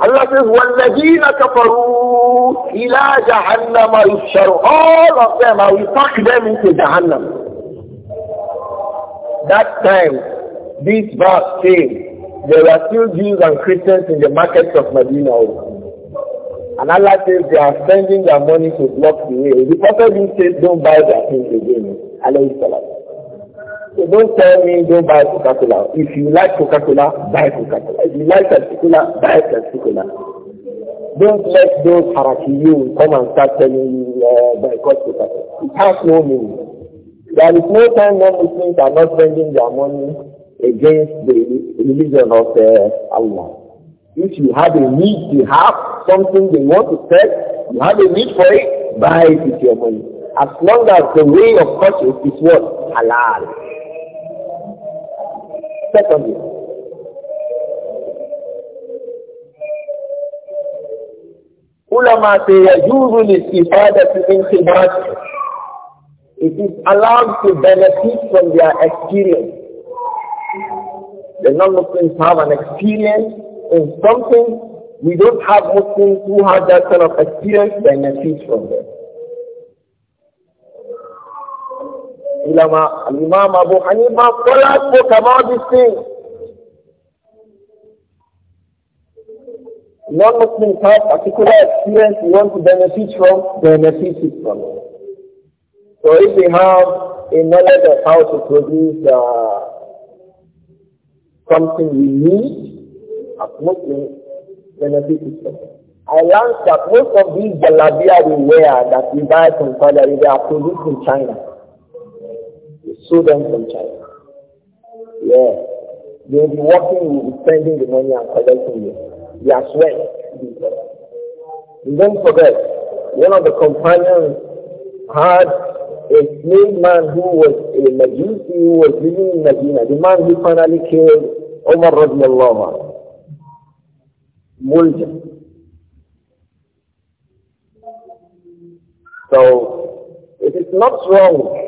Allah says, وَالَّذِينَ كَفَرُوا إِلَىٰ جَهَنَّمَ يُحْشَرُوا All of them, I will pack them into Jahannam. That time, this verse came. There were still Jews and Christians in the markets of Medina. And Allah says they are spending their money to block the way. The prophet didn't say don't buy their things again. Alayhi salam. So don't tell me don't buy Coca-Cola. If you like Coca-Cola, buy Coca-Cola. If you like Coca-Cola, buy Coca-Cola. Don't let those harakiyun come and start telling you uh, boycott Coca-Cola. It has no meaning. There is no time non-Muslims are not spending their money against the religion of uh, Allah. If you have a need to have something they want to sell, you have a need for it, buy it with your money. As long as the way of purchase is what? Halal. Secondly, ulama say yajuzu listifadatu min khibrat. It is allowed to benefit from their experience. The non-Muslims have an experience in something we don't have Muslims who have that kind of experience benefit from them. ulama, Imam Abu Hanifah scholars spoke about this thing. Non-Muslims have particular experience you want to benefit from, benefit from So if they have a knowledge of how to produce uh, something we need as Muslims, benefit from I learned that most of these jalabiya we wear that we buy from Saudi Arabia are produced in China the from China. Yeah. You will be working, you will be spending the money and collecting it. You are sweat. Don't forget, one of the companions had a slave man who was a Majusi who was living in Medina, the man who finally killed Omar radiallahu anhu. Mulja. So, it is not wrong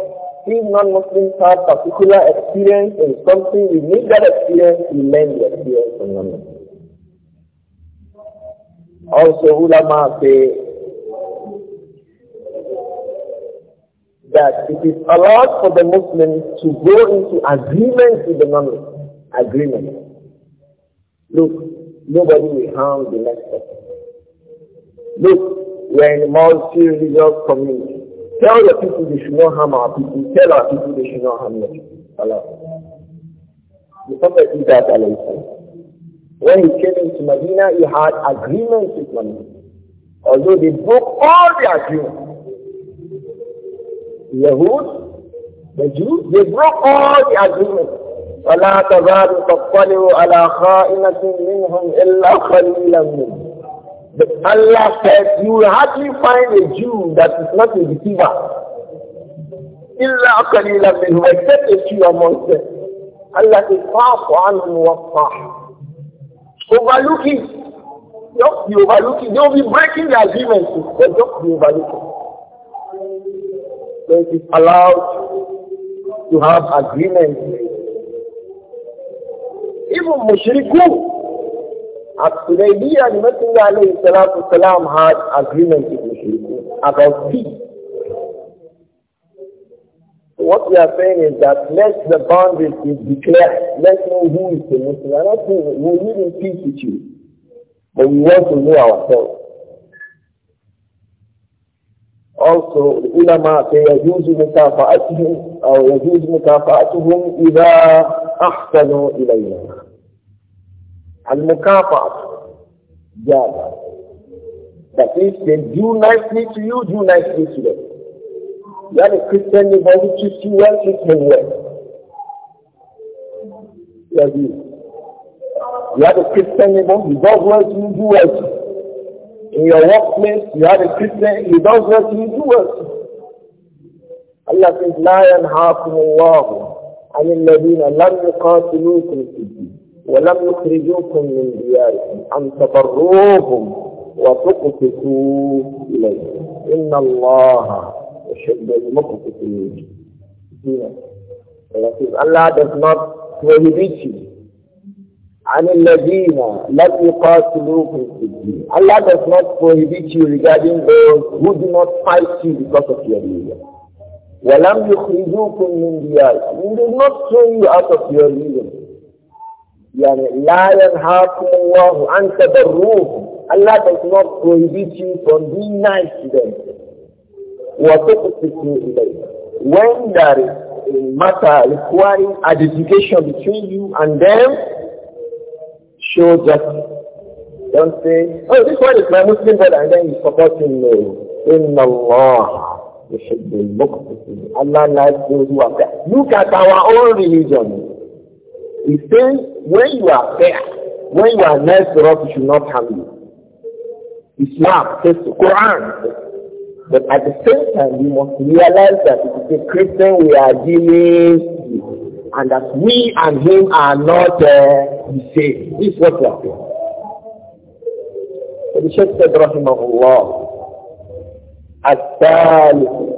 if non-Muslims have particular experience in something, we need that experience to learn the experience from non-Muslims. Also, ulama say that it is allowed for the Muslims to go into agreement with the non-Muslims. Agreement. Look, nobody will harm the next person. Look, we are in a multi-religious community. Tell the people they should not harm our people. Tell our people they should not harm them. Allah. The Prophet did that, alayhi When he came into Medina, he had agreements with them. Although they broke all the agreements. The Yahud, the Jews, they broke all the agreements. فلا تزال تطلع على خائنة منهم إلا قليلا منهم but Allah said, you will hardly find a Jew that is not a deceiver. إِلَّا قَلِيلًا مِنْهُمْ Except a few among them. Allah says, فَعْفُ عَنْهُمْ وَفَّحْ Overlooking. Just be overlooking. They will be breaking the agreements. but just be overlooking. So it is allowed to have agreements, Even mushrikun, at Hudaybiyah, the Messenger alayhi salatu salam had agreement with Mushrikun about peace. So what we are saying is that let the boundaries be declared. Let us know who is the Muslim. I who not we live in peace with you. But we want to know ourselves. Also, the ulama say, يجوز مكافأتهم أو يجوز مكافأتهم إذا أحسنوا إلينا. Al-Mukafat, Java. That is, they do nicely to you, do nicely to them. You have a Christian, you want to treat you well, treat well. You have you. You a Christian, you who does God well to you, do well to In your workplace, you have a Christian, who does not well to you, do well to Allah says, لا ينهاكم الله عن الذين لم يقاتلوكم في الدين ولم يخرجوكم من دياركم أن تضروهم وتقسطوا اليهم إن الله يحب المقسطين الله does not prohibit you عن الذين لم يقاتلوكم في الدين الله does not prohibit you regarding those who do not fight you because of your religion ولم يخرجوكم من دياركم He does not throw you out of your religion يعني لا ينهاكم الله عن تبروهم Allah does not prohibit you from being nice to them. وَتُقْسِطُوا إِلَيْهِ When there is a matter requiring identification between you and them, show justice. Don't say, oh, this one is my Muslim brother, and then you support him. No. إِنَّ اللَّهَ يُحِبُّ الْمُقْسِطِينَ Allah likes those who are fair. Look at our own religion. He says, when you are there, when you are next to us, you should not harm you. Islam says the Quran. But at the same time, we must realize that it is a Christian we are dealing with, and that we and him are not uh, the same. This is what we are doing. So the Sheikh said, Rahimahullah, as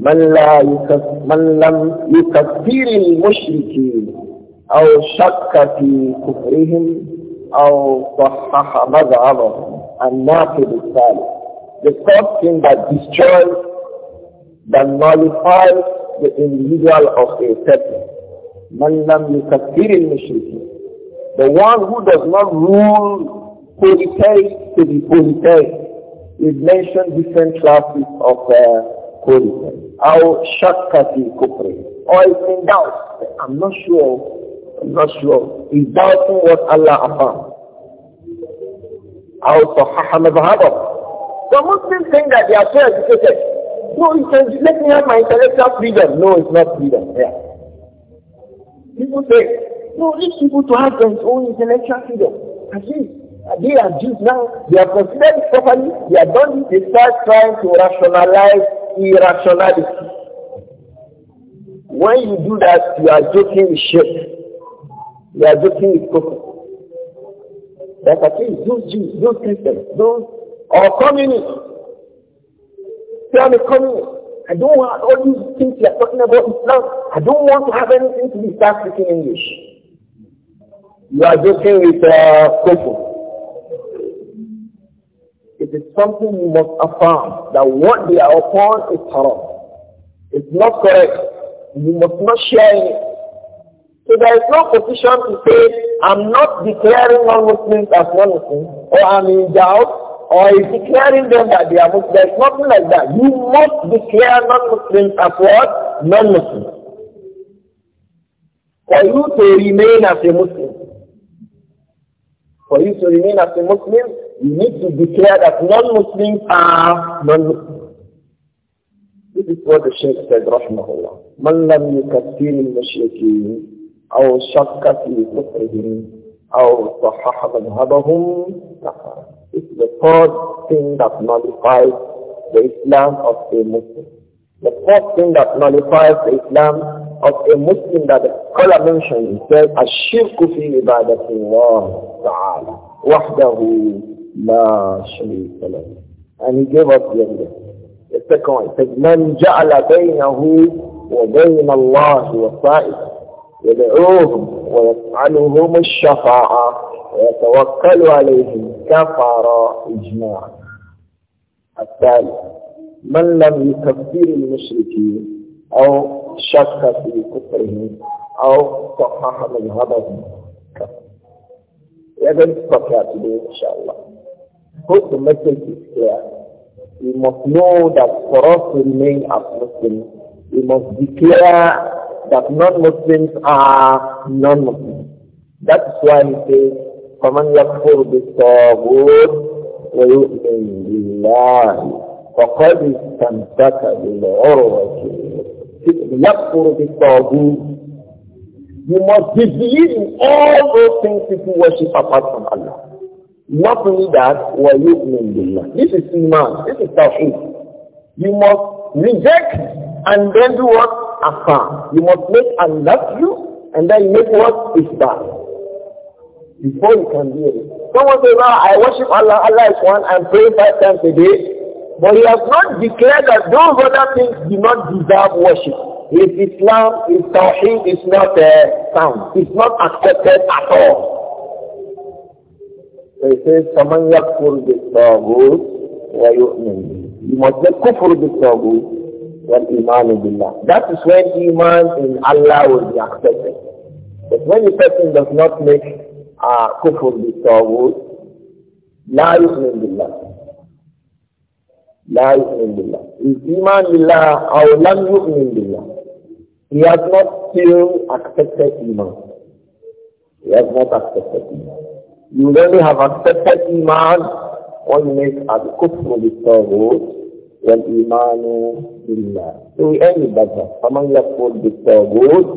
من لا يكفر من لم Mushrikeen. أو شك في كفرهم أو صحح مذهبهم الناقض الثالث the third thing that destroys that nullifies the individual of a person من لم يكفر المشركين the one who does not rule polytheists to be polytheists is mentioned different classes of uh, polytheists. أو شك في or is in doubt I'm not sure not sure. He's doubting what Allah affirmed. Out of Hahamabahaba. The Muslims think that they are so educated. No, he says, let me have my intellectual freedom. No, it's not freedom. Yeah. People say, no, these people to have their own intellectual freedom. At least uh, they are Jews now. They are considered properly. They are done. They start trying to rationalize irrationality. When you do that, you are joking with shit. They are joking with people. That at least those Jews, those Christians, those are communists. They are communists. I don't want all these things you are talking about Islam. I don't want to have anything to be start speaking English. You are joking with uh, It is something you must affirm that what they are upon is haram. It's not correct. You must not share it. So there is no position to say, I'm not declaring non-Muslims as non-Muslims, or I'm in doubt, or I'm declaring them that they are Muslims. There's nothing like that. You must declare non-Muslims as what? Non-Muslims. For you to remain as a Muslim. For you to remain as a Muslim, you need to declare that non-Muslims are non-Muslims. This is what the Shaykh said, Rahmahullah. من لم يكفر المشركين أو شك في كفرهم أو صحح مذهبهم It's the third thing that nullifies the Islam of a Muslim. The fourth thing that nullifies the Islam of a Muslim that the scholar mentioned says, الشرك في عبادة الله تعالى وحده لا شريك له. And he gave us the idea. The second one, it says, من جعل بينه وبين الله وصائدا يدعوهم ويفعلهم الشفاعة ويتوكل عليهم كفر إجماعا الثالث من لم يكفر المشركين أو شك في كفرهم أو صحح مذهبهم هذا الصفات إن شاء الله كنت مثل في المطلوب clear. We must know that for us to remain as Muslims, we must declare that non-Muslims are non-Muslims. That's why he says, فَمَنْ يَكْفُرْ بِالطَّاغُوتِ وَيُؤْمِنْ بِاللَّهِ فَقَدْ اسْتَمْسَكَ بِالْعُرْوَةِ يَكْفُرُ بِالطَّاغُوتِ You must believe in all those things people worship apart from Allah. Not only that, وَيُؤْمِنْ بِاللَّهِ This is Iman, this is tawhid. You must reject and then do what? afar. You must make and love you, and then make what is bad. Before you can be it. Someone says, well, I worship Allah, Allah is one, I'm praying five times a day. But he has not declared that those other things do not deserve worship. If Islam, his Tawheed is not uh, sound. It's not accepted at all. So he says, فَمَنْ يَكْفُرْ بِالطَّاغُوتِ وَيُؤْمِنْ You must make this with When Iman in Allah, That is when Iman in Allah will be accepted. But when a person does not make uh, kufr with tawud, لا يؤمن بالله. لا يؤمن بالله. His Iman بالله أو لم يؤمن بالله. He has not still accepted Iman. He has not accepted Iman. You only have accepted Iman when you make al-kufr with tawud والإيمان بالله So we end with that verse. فَمَنْ يَكْفُرْ بِالتَّوْبُوتِ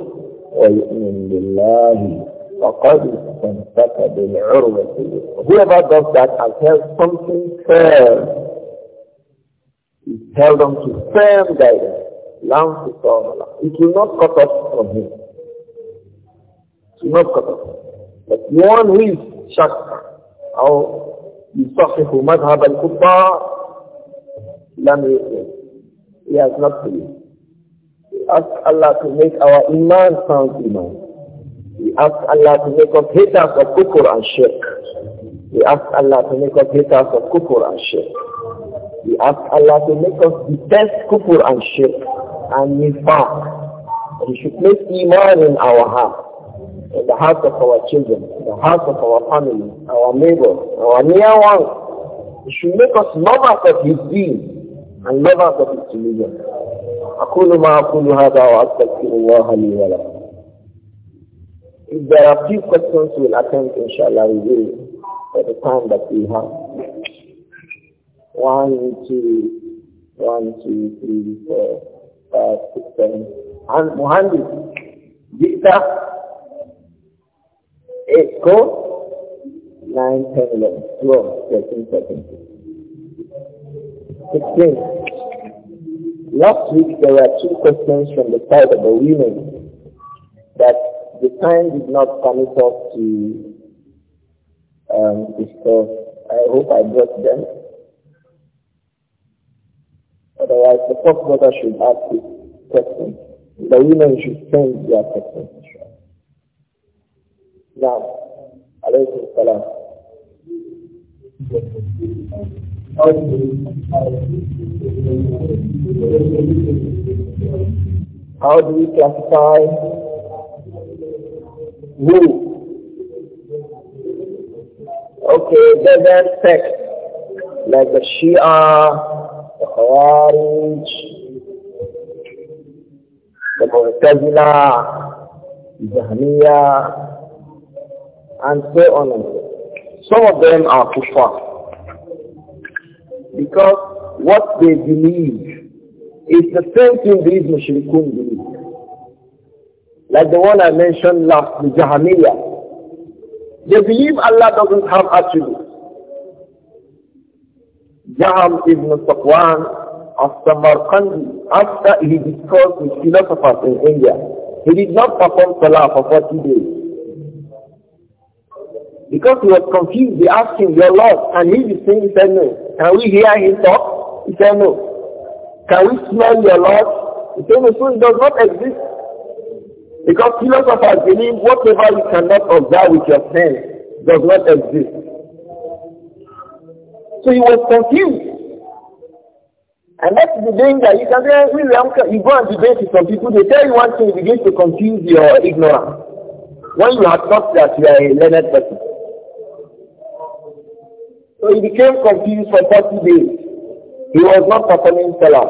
وَيُؤْمِنْ بِاللَّهِ فَقَدْ اسْتَمْسَكَ بِالْعُرْوَةِ Whoever does that has held something firm. He's held on to firm guidance. Lam It will not cut off from him. It will not cut off. But one who is shakka, or يصحح مذهب الكفار Lam He has not believed. We ask Allah to make our iman sound iman. We ask Allah to make us haters of kufr and shirk. We ask Allah to make us haters of kufr and shirk. We ask Allah to make us detest kufr and shirk and nifaq. He should make iman in our heart, in the heart of our children, in the heart of our family, our neighbors, our near ones. He should make us lovers of His deen. أقول ما أقول هذا وأستغفر الله لي If there are few questions we'll attempt inshallah we will for the time that we have. One, two, one, two, three, four, five, six, seven. And Muhammad, Gita, eight, Explain. Last week there were two questions from the side of the women that the time did not permit us to um, discuss. I hope I brought them. Otherwise, the first brother should ask his question. The women should send their questions. Now, alaykum salam. How do we classify who? Okay, desert sect, like the Shia, the Khawarij, the Mu'tazila, Jahmiya, and so on and so on. Some of them are kuffar. Because what they believe is the same thing these mushrikun believe. Like the one I mentioned last, the Jahamiyyah. They believe Allah doesn't have attributes. Jaham ibn Safwan of Samarkand after he discussed with philosophers in India. He did not perform Salah for 40 days. Because he was confused, he asked him, your Lord, and he is saying, he said no. Can we hear him talk? He said no. Can we smell your Lord? He said no, so it does not exist. Because philosophers believe whatever you cannot observe with your sense does not exist. So he was confused. And that's the danger. You can say, really, you go and debate with some people, they tell you one thing, it begins to confuse your ignorance. When you have thought that you are a learned person. So he became confused for 40 days. He was not performing salah.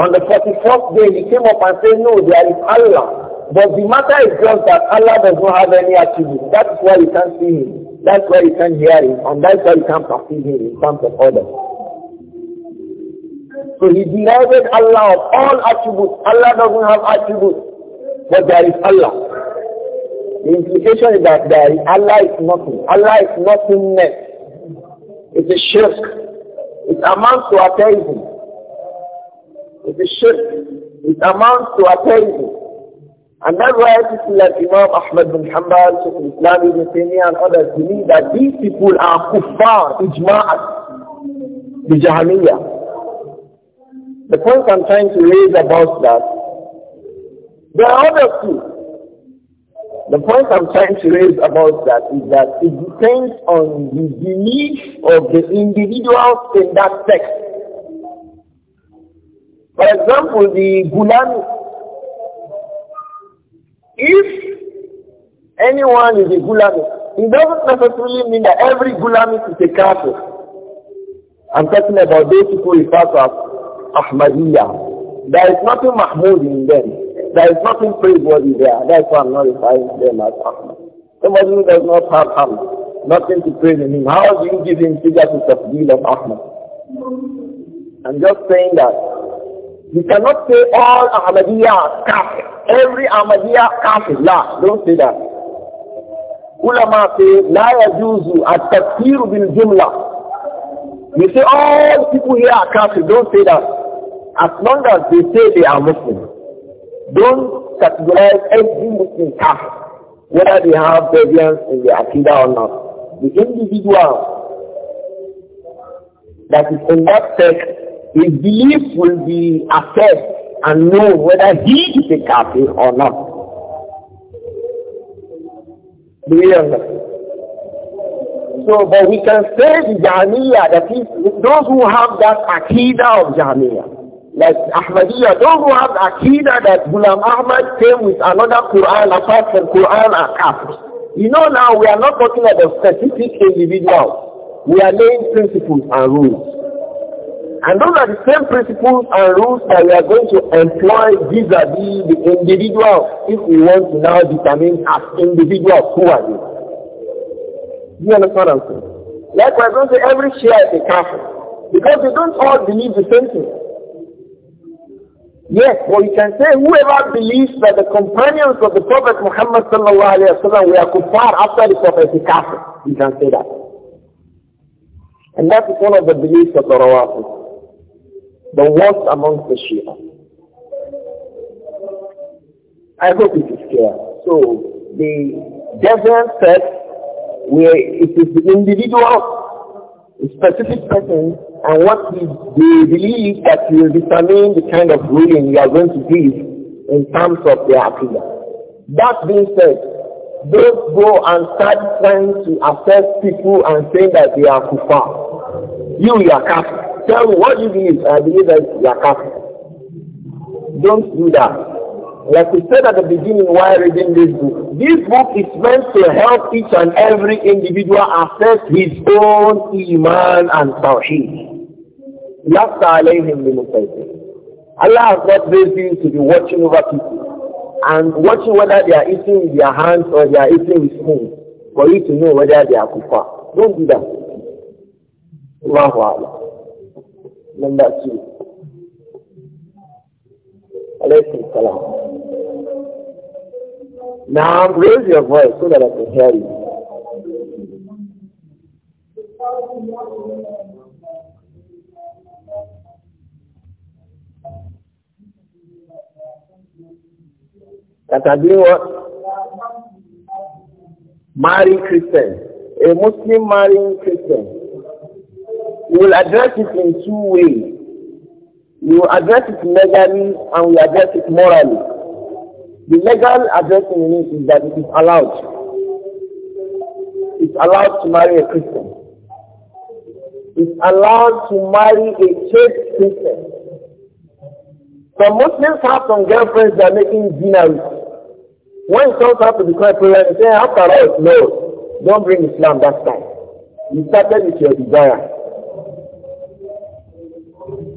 On the 44th day, he came up and said, no, there is Allah. But the matter is just that Allah does not have any attributes. That's why you can't see him. That's why you can't hear him. And that's why you can't perceive him in terms of others. So he denied Allah of all attributes. Allah doesn't have attributes. But there is Allah the implication is that there is Allah is nothing. Allah is nothingness. It's a shirk. It amounts to atheism. It's a shirk. It amounts to atheism. And that's why people like Imam Ahmad bin Hanbal, Sheikh Islam Ibn Taymiyyah and others believe that these people are kuffar, ijma'at, the Jahamiyyah. The point I'm trying to raise about that, there are others too. The point I'm trying to raise about that is that it depends on the belief of the individuals in that sect. For example, the Gulam, if anyone is a Gulamist, it doesn't necessarily mean that every Gulamist is a kafir. I'm talking about those people referred to as Ahmadiyya. There is nothing Mahmoud in them. There is nothing praiseworthy there. That's why I'm not referring them as Ahmad. Somebody who does not have Ahmad, nothing to praise in him. How do you give him figures of deal of Ahmad? I'm just saying that you cannot say all Ahmadiyya kafir. Every Ahmadiyya kafir. La, don't say that. Ulama say, La yajuzu at-tafsir bil jumla. You say all people here are kafir. Don't say that. As long as they say they are Muslim. Don't categorize every Muslim kafir, whether they have deviance in their akida or not. The individual that is in that sect, his belief will be assessed and known whether he is a kafir or not. Do you understand? So, but we can say the Jahmiyyah, that is, those who have that akida of Jahmiyyah, like Ahmadiyya, those who have Akida that Ghulam Ahmad came with another Quran apart from Quran and Kafir. You know now we are not talking about specific individuals. We are laying principles and rules. And those are the same principles and rules that we are going to employ vis-a-vis the individual if we want to now determine as individuals who are they. You understand what I'm saying? say every share is a kafir Because they don't all believe the same thing. Yes, well you can say whoever believes that the companions of the Prophet Muhammad sallallahu alayhi wa sallam were kuffar after the Prophet is kafir. You can say that. And that is one of the beliefs of the Rawafis. The worst amongst the Shia. I hope it is clear. So the Deviant said where it is the individual specific person and what we they believe that will determine the kind of ruling you are going to give in terms of their appeal. That being said, don't go and start trying to assess people and say that they are kufar. You, you are kafir. Tell me, what do you believe? I believe that you are kafir. Don't do that. Like we said at the beginning while reading this book, this book is meant to help each and every individual assess his own Iman and Tawheed. لَفْتَ عَلَيْهِمْ بِمُسَيْدِهِ Allah has not raised you to be watching over people and watching whether they are eating with their hands or they are eating with spoons for you to know whether they are kufa. Don't do that. Allahu Allah. Number two. عليكم salam. Now raise your voice so that I can hear you. That I do what? Marry Christian. A Muslim marrying Christian. We will address it in two ways. We will address it legally and we will address it morally. The legal addressing in it is that it is allowed. It's allowed to marry a Christian. It's allowed to marry a church Christian. Some Muslims have some girlfriends that are making dinner When it comes out to the country, they say, after all, no, don't bring Islam that time. You started with your desire.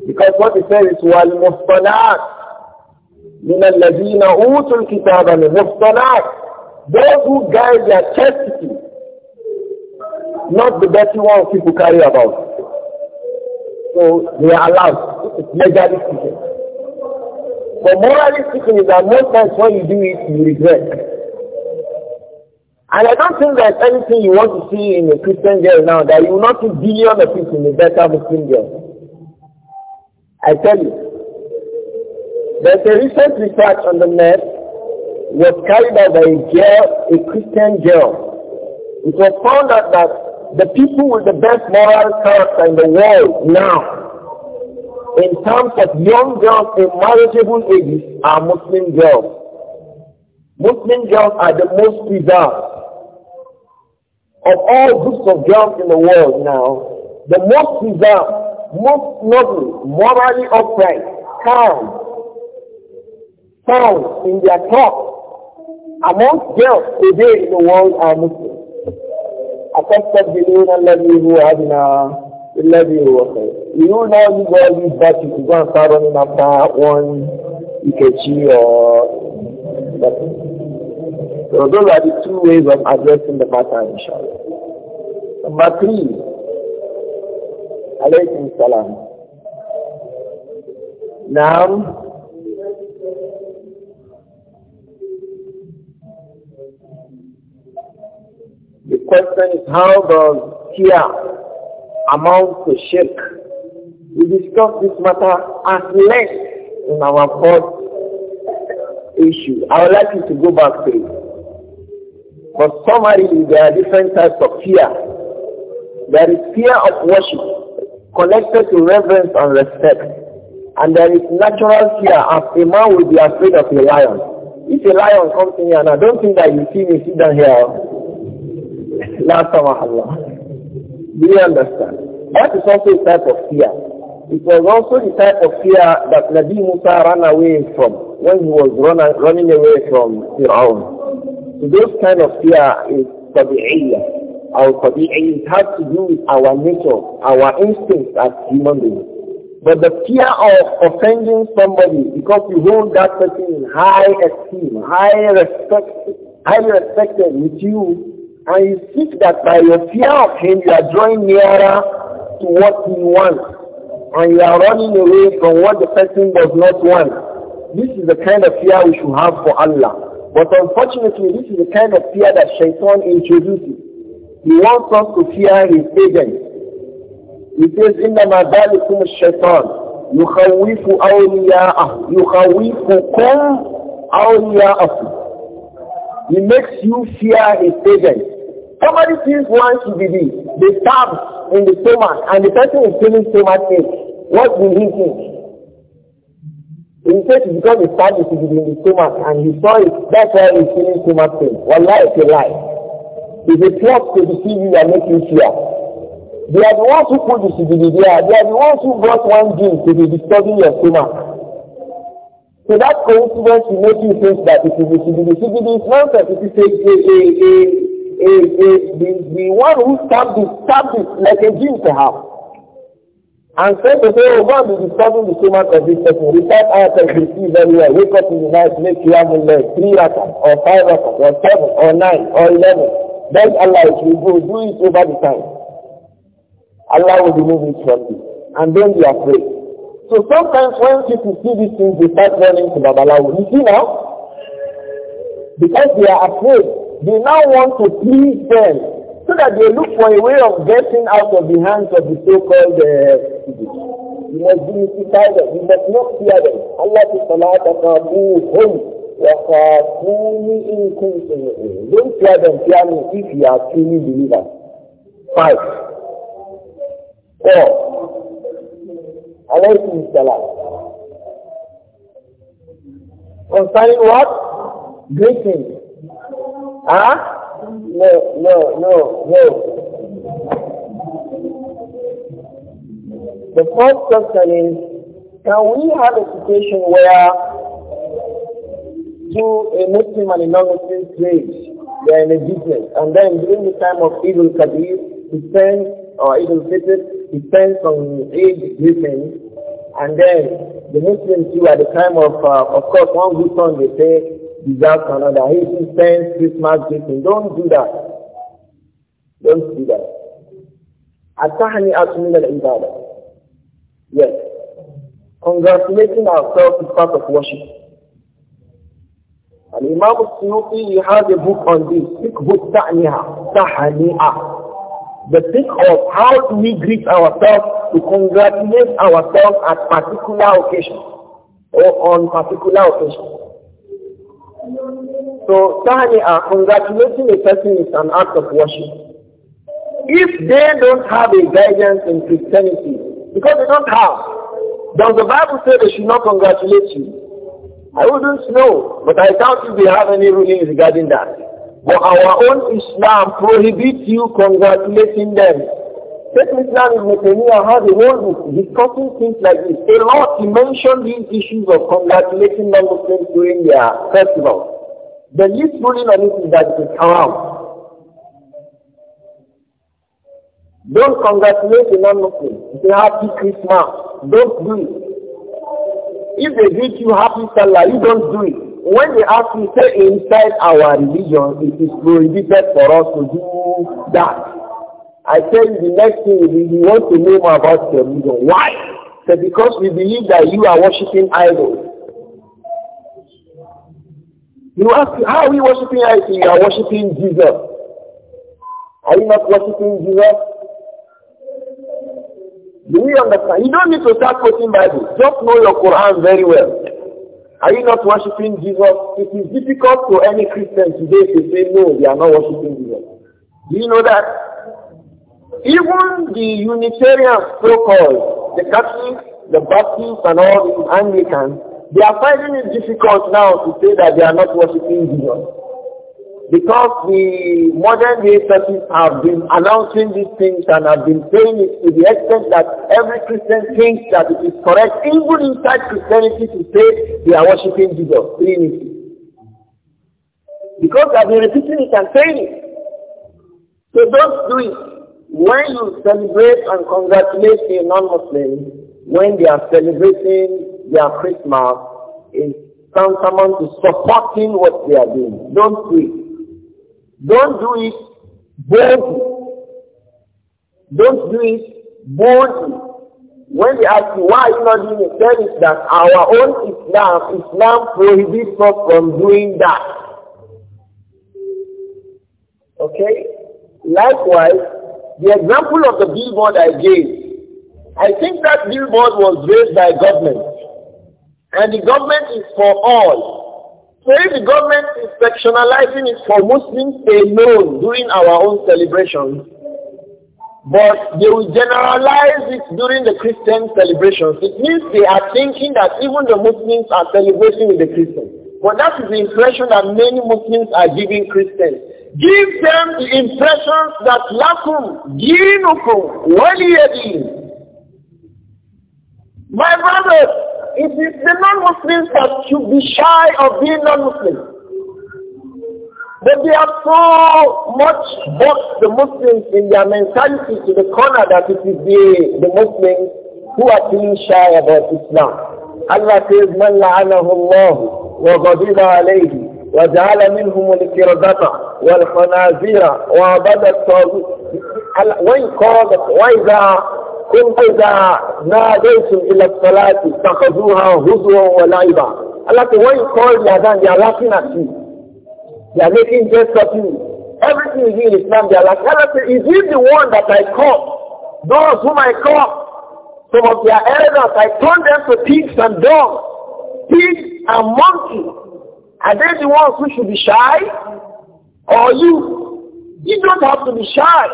Because what he says is, wal muhsanat من الذين أوتوا الكتاب those who guide their chastity not the dirty ones people carry about so they are allowed it's legally speaking but morally speaking is that most times when you do it you regret and I don't think there's anything you want to see in a Christian girl now that you will not see billion of people in a better Muslim girl I tell you there's a recent research on the net was carried out by a girl, a Christian girl. It was found out that the people with the best moral character in the world now, in terms of young girls in marriageable ages, are Muslim girls. Muslim girls are the most preserved. Of all groups of girls in the world now, the most preserved, most noble, morally upright, calm, sound in their talk amongst girls today in the world are Muslims. أتستبدلون الذي هو أدنى بالذي هو خير. You know now you go all these batches, you go and start running after one Ikechi or So those are the two ways of addressing the matter, inshallah. Number three, alaykum salam. Now, The question is how does kia amount to shirk? We discussed this matter at length in our first issue. I would like you to go back to it. But summarily, there are different types of fear. There is fear of worship, connected to reverence and respect. And there is natural fear, as a man will be afraid of a lion. If a lion comes in here, now don't think that you see me sit down here La Allah. Do you understand? That is also a type of fear. It was also the type of fear that Nabi Musa ran away from when he was run, running away from Fir'aun. So those kind of fear is tabi'iyya. Our tabi'i, it has to do with our nature, our instincts as human beings. But the fear of offending somebody because you hold that person in high esteem, high respect, highly respected with you and you think that by your fear of him, you are drawing nearer to what he wants. And you are running away from what the person does not want. This is the kind of fear we should have for Allah. But unfortunately, this is the kind of fear that Shaitan introduces. He wants us to fear his agents. He says, in إِنَّمَا ذَلِكُمُ الشَّيْطَانِ يُخَوِّفُ أَوْلِيَاءَهُ يُخَوِّفُكُمْ أَوْلِيَاءَهُ he makes you fear his presence. Somebody feels one CBD, they stab in the stomach, and the person is feeling stomach ache. What will he think? He says it's because he stabbed the CBD in the stomach, and he saw it, that's why he's feeling stomach pain. lie is a lie. It's a plot to deceive you and make you fear. They are the ones who put the CBD there. They are the ones who brought one gene to be disturbing your stomach. So that coincidence will make you think that it is the CBD. CBD nonsense. It is a, a, a, a, a, a the, the one who stabbed it, stabbed it like a to perhaps. And said to say, oh God is disturbing the stomach of this person. start out and receive very well. Wake up in the night, make you have a leg, three rakas, or five rakas, or seven, or nine, or eleven. Then Allah will go, do it over the time. Allah will remove it from you. And don't be afraid. So sometimes when people see these things, they start running to Babalawo. You see now? Because they are afraid. They now want to please them so that they look for a way of getting out of the hands of the so-called uh, you must be decided. You must not fear them. Allah is Allah taqabuhum Don't fear them, fear me if you are truly believers. Five. Four. alaykum salam. Concerning what? Greeting. Huh? No, no, no, no. The first question is, can we have a situation where two, a Muslim and a non-Muslim slaves, they are in a business, and then during the time of Eid al-Kabir, depends or Eid al-Fitr, he on Eid greeting, and then the Muslims too at the time of, uh, of course, one good song they say, deserves another. He spends Christmas gifting. Don't do that. Don't do that. التهنئة من العبادة. Yes. Congratulating ourselves is part of worship. And Imam Sunuki, he has a book on this. book Tahniha. Tahni'ah. The thing of how do we greet ourselves to congratulate ourselves at particular occasions or on particular occasions. So are uh, congratulating a person is an act of worship. If they don't have a guidance in Christianity, because they don't have, does the Bible say they should not congratulate you? I wouldn't know, but I doubt if they have any ruling regarding that. But our own Islam prohibits you congratulating them. Take Islam in Taymiyyah How a world book discussing things like this. A lot he mentioned these issues of congratulating non-Muslims during their festival. The least ruling on it is that it is haram. Don't congratulate a non-Muslim. Say happy Christmas. Don't do it. If they greet you happy Salah, you don't do it when they ask me, say inside our religion, it is prohibited for us to do that. I tell you the next thing is you want to know more about your religion. Why? Say because we believe that you are worshipping idols. You ask, how are we worshipping idols? You are worshipping Jesus. Are you not worshipping Jesus? Do we understand? You don't need to start quoting Bible. Just know your Quran very well. Are you not worshipping Jesus? It is difficult for any Christian today to say, no, we are not worshipping Jesus. Do you know that? Even the Unitarians, so-called, the Catholics, the Baptists, and all the Anglicans, they are finding it difficult now to say that they are not worshipping Jesus. Because the modern day churches have been announcing these things and have been saying it to the extent that every Christian thinks that it is correct, even inside Christianity, to say they are worshipping Jesus, Trinity. Because I've been repeating it and saying it. So don't do it. When you celebrate and congratulate a non-Muslim, when they are celebrating their Christmas, it's tantamount to supporting what they are doing. Don't do it. Don't do it boldly. Don't do it boldly. When they ask you why are you not doing it, tell is that our own Islam, Islam prohibits us from doing that. Okay? Likewise, the example of the billboard I gave, I think that billboard was raised by government. And the government is for all. So the government is sectionalizing it for Muslims alone during our own celebrations, but they will generalize it during the Christian celebrations, it means they are thinking that even the Muslims are celebrating with the Christians. But that is the impression that many Muslims are giving Christians. Give them the impression that lakum, dinukum, waliyadin. My brothers, it is the non-Muslims that should be shy of being non-Muslims. But they are so much boxed the Muslims in their mentality to the corner that it is the, the Muslims who are being shy about Islam. Allah says, من لعنه الله وغضب عليه وجعل منهم الكردة والخنازير وعبد الطاغوت. When called, why كنت إذا ناديتم إلى الصلاة اتخذوها هزوا ولعبا Allah said, when you call the Adhan, they are laughing at you. They are making jest of you. Everything is do in Islam, they are like, Allah is he the one that I call? Those whom I call, some of their elders, I turn them to pigs and dogs, pigs and monkeys. Are they the ones who should be shy? Or you? You don't have to be shy.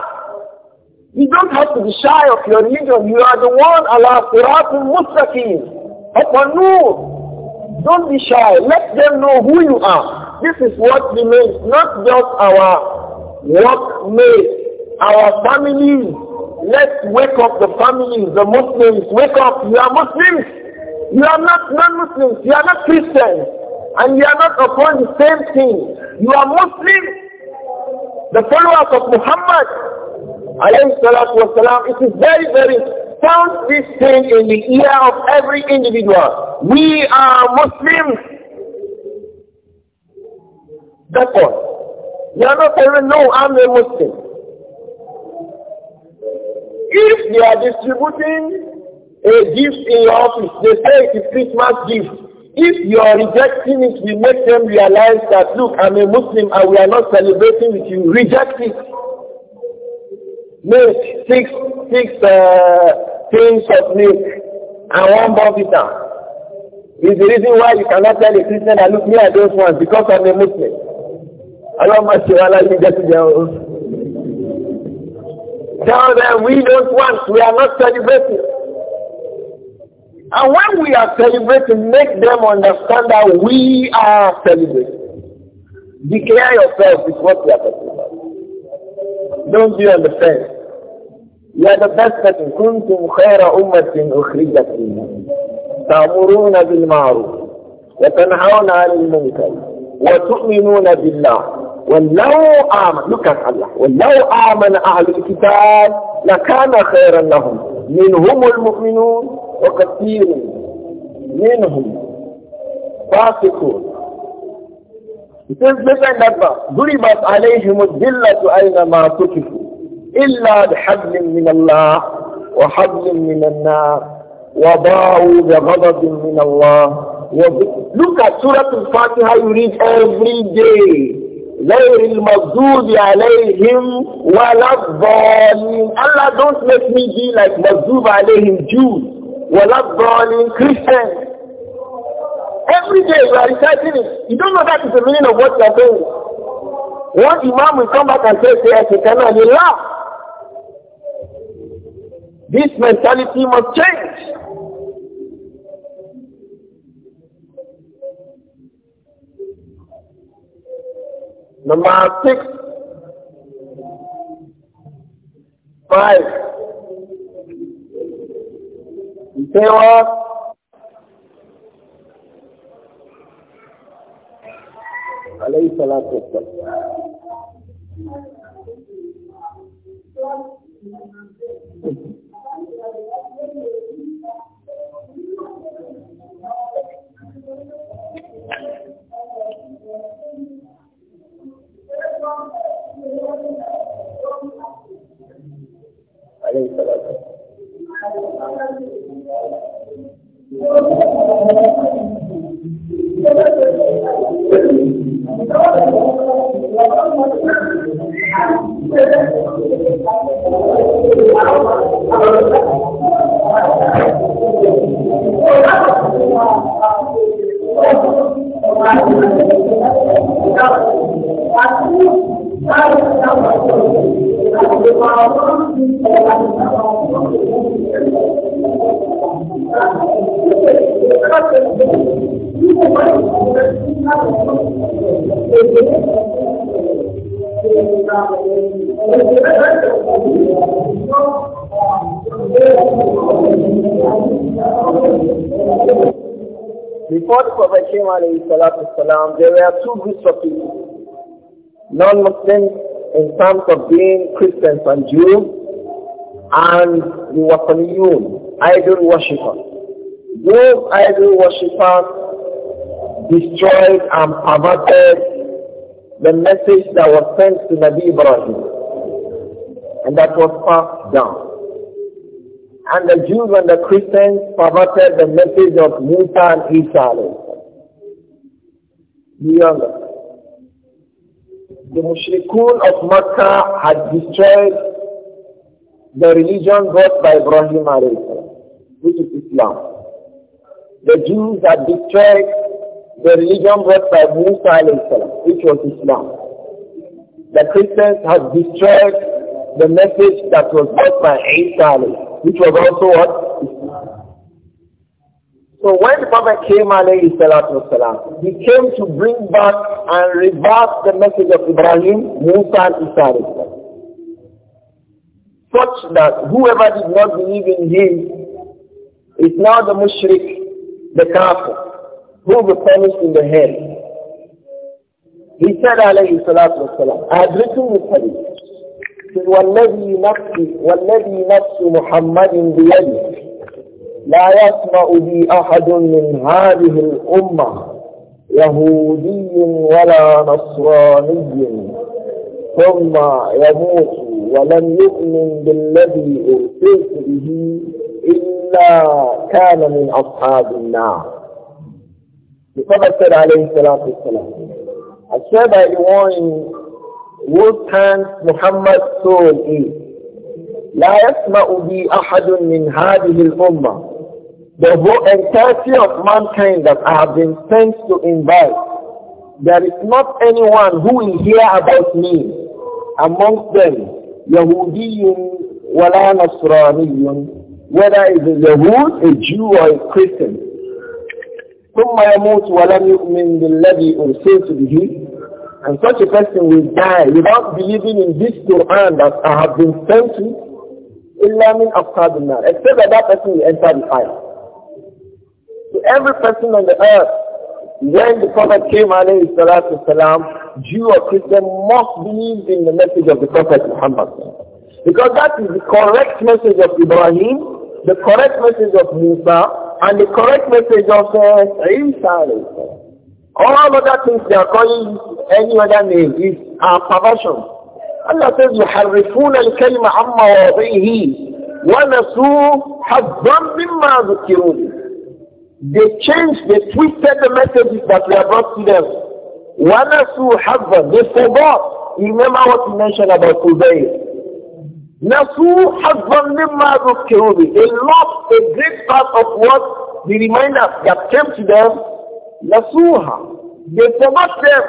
You don't have to be shy of your religion. You are the one Allah Siratul Mustaqim. Upon Noor. Don't be shy. Let them know who you are. This is what remains, not just our workmates, our families. Let's wake up the families, the Muslims. Wake up. You are Muslims. You are not non-Muslims. You are not Christians. And you are not upon the same thing. You are Muslims. The followers of Muhammad alayhi salatu it is very, very sound this thing in the ear of every individual. We are Muslims. That's all. You are not even no, I'm a Muslim. If they are distributing a gift in your office, they say it is Christmas gift. If you are rejecting it, we make them realize that, look, I'm a Muslim and we are not celebrating with you. Reject it. milk six six uh, things uh, of milk and one bonfita is the reason why you cannot tell a Christian that look me I don't want because I'm a Muslim. Ọlọ́mọ ṣe wá láyé jẹ́síjẹ́ own. Tell them we don't want, we are not celebrating. And when we are celebrating, make them understand that we are celebrating. Declare yourself with what we are talking about. Don't be on the fence. يا لبست كنتم خير أمة أخرجت منهم تأمرون بالمعروف وتنهون عن المنكر وتؤمنون بالله ولو آمن look ولو آمن أهل الكتاب لكان خيرا لهم منهم المؤمنون وكثير منهم فاسقون It عليهم الذلة أينما تكفوا إلا بحبل من الله وحبل من النار وضاعوا بغضب من الله Look at Surah Al-Fatiha you read every day. غير المغضوب عليهم ولا الضالين Allah don't make me be like مغضوب عليهم Jews ولا الضالين Christians Every day you are reciting it. You don't know that is the meaning of what you are saying. One imam will come back and say, say, I cannot. He laugh? This mentality must change. Number six, five. You say what? عليه الصلاة والسلام Before the Prophet came, there were two groups of people non-Muslims in terms of being Christians and Jews, and the Wataniyun, idol worshippers. Those idol worshippers destroyed and perverted the message that was sent to Nabi Ibrahim. And that was passed down. And the Jews and the Christians perverted the message of Musa and Isa. Do you understand? the Mushrikun of Mecca had destroyed the religion brought by Ibrahim which is Islam. The Jews had destroyed the religion brought by Musa which was Islam. The Christians had destroyed the message that was brought by Isa which was also what? Islam. So when the Prophet came, والسلام, he came to bring back and reverse the message of Ibrahim, Musa, and Isa. Such that whoever did not believe in him is now the mushrik, the kafir, who will be punished in the hell. He said, alayhi salatu wasalam, I have written this hadith. He said, وَالَّذِي نَفْسِ, وَالَّذِي نَفْسِ مُحَمَّدٍ بِيَدِهِ لا يسمع بي أحد من هذه الأمة يهودي ولا نصراني ثم يموت ولم يؤمن بالذي أرسلت به إلا كان من أصحاب النار Prophet عليه الصلاه والسلام الشاب I said محمد سول إيه؟ لا يسمع بي أحد من هذه الأمة The whole entirety of mankind that I have been sent to invite, there is not anyone who will hear about me amongst them, Yahudiyun wala Nasraniyun, whether it is a Yahud, a Jew or a Christian. ثم يموت ولم يؤمن بالذي أرسلت به and such a person will die without believing in this Quran that I have been sent to إلا من أصحاب النار except that that person will enter the fire to every person on the earth, when the Prophet came alayhi salatu salam, Jew or Christian must believe in the message of the Prophet Muhammad. Because that is the correct message of Ibrahim, the correct message of Musa, and the correct message of uh, Isa All other things they are calling any other name is a perversion. Allah says, يحرفون الكلمة عن has ونسوا حظا مما ذكروا they changed, they twisted the messages that have brought to them. وَنَسُوا حَظًّا They forgot. Remember what we mentioned about Hudayr. Nasu حَظًّا one of بِهِ They lost a great part of what the reminders that came to them. Nasuha, They forgot them.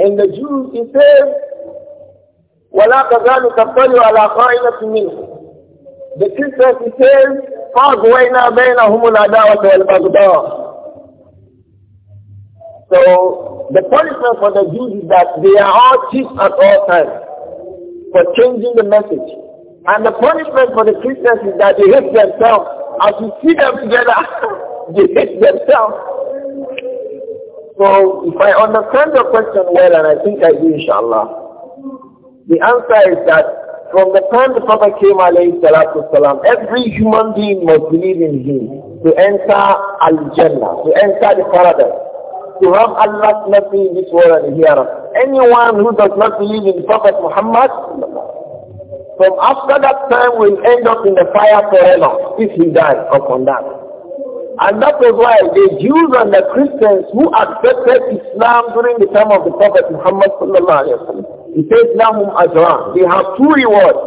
And the Jews, he said, وَلَا كَذَلِكَ طَلِعَ عَلَى خَائِنَةٍ مِنْهُ the scripture says, فَاغْوَيْنَا بَيْنَهُمُ الْعَدَاوَةَ وَالْبَغْضَاءَ So, the punishment for the Jews is that they are all cheap at all times for changing the message. And the punishment for the Christians is that they hate themselves. As you see them together, [laughs] they hate themselves. So, if I understand your question well, and I think I do, inshallah, the answer is that from the time the Prophet came alayhi salam, every human being must believe in him to enter Al-Jannah, to enter the paradise, to have Allah's mercy in this world and hereafter. Anyone who does not believe in Prophet Muhammad, from after that time will end up in the fire forever if he dies upon that. And that was why the Jews and the Christians who accepted Islam during the time of the Prophet Muhammad sallallahu alayhi wa sallam, he says, Lahum Ajran. They have two rewards.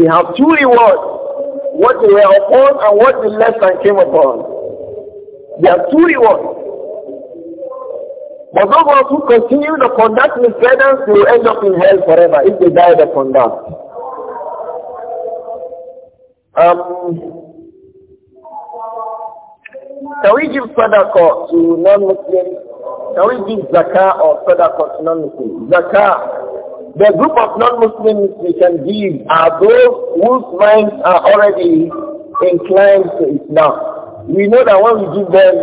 They have two rewards. What they were upon and what the left and came upon. They have two rewards. But those who continue to conduct misguidance, they will end up in hell forever if they die upon conduct. Um, can we give sadaqah to non-Muslims can we give zakah or sadaqah to non-Muslims? Zakah. The group of non-Muslims we can give are those whose minds are already inclined to Islam. We know that when we give them,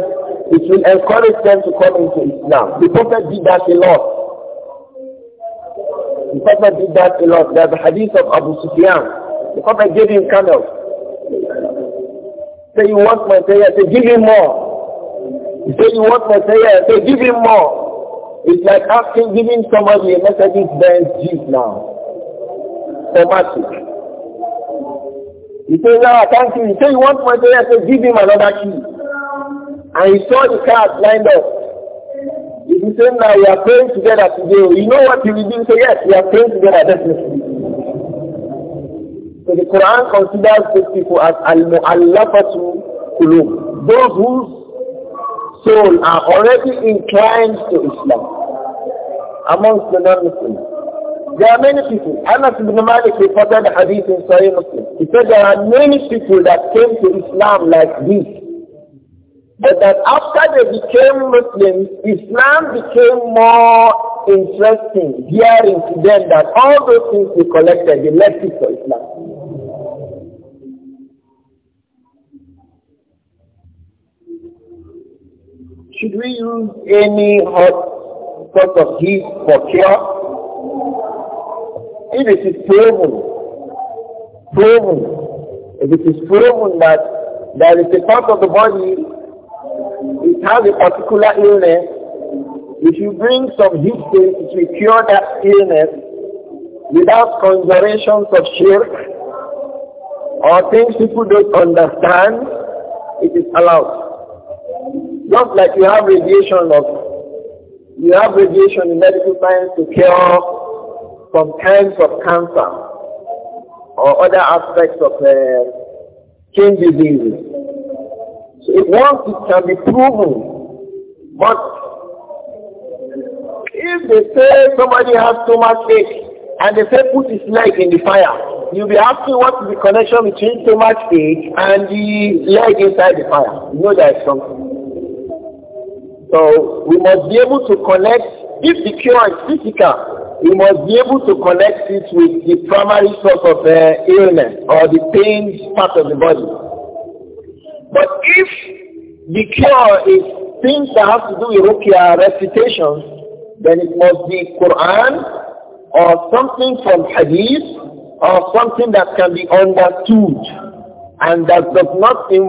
it will encourage them to come into Islam. The Prophet did that a lot. The Prophet did that a lot. There's a hadith of Abu Sufyan. The Prophet gave him camels. Say, you want my prayer? Say, give him more. He said you want I said give him more. It's like asking, giving somebody a Mercedes Benz Jeep now. Automatic. He said no, I can't said you. want you want I say give him another key. And he saw the cars lined up. He said now we are praying together today, you know what you will do? Say, yes, we are praying together, definitely. So the Quran considers these people as al-mu'allafatu kulub. Those whose soul are already inclined to Islam amongst the non-Muslims. There are many people. Anas ibn Malik reported a hadith in Sahih Muslim. He said there are many people that came to Islam like this. But that after they became Muslims, Islam became more interesting, hearing to them that all those things we collected, they left it for Islam. Should we use any hot sort of heat for cure? If it is proven, proven, if it is proven that there is a part of the body, it has a particular illness, if you bring some heat to it, it will cure that illness without considerations of shirk or things people don't understand, it is allowed. Just like you have radiation of, you have radiation in medical science to cure some kinds of cancer or other aspects of uh, skin diseases. So it once it can be proven, but if they say somebody has too much ache and they say put his leg in the fire, you'll be asking what is the connection between too much ache and the leg inside the fire. You know there is something. So we must be able to connect, if the cure is physical, we must be able to connect it with the primary source of the uh, illness or the pain part of the body. But if the cure is things that have to do with ruqya recitations, then it must be Quran or something from Hadith or something that can be understood and that does not involve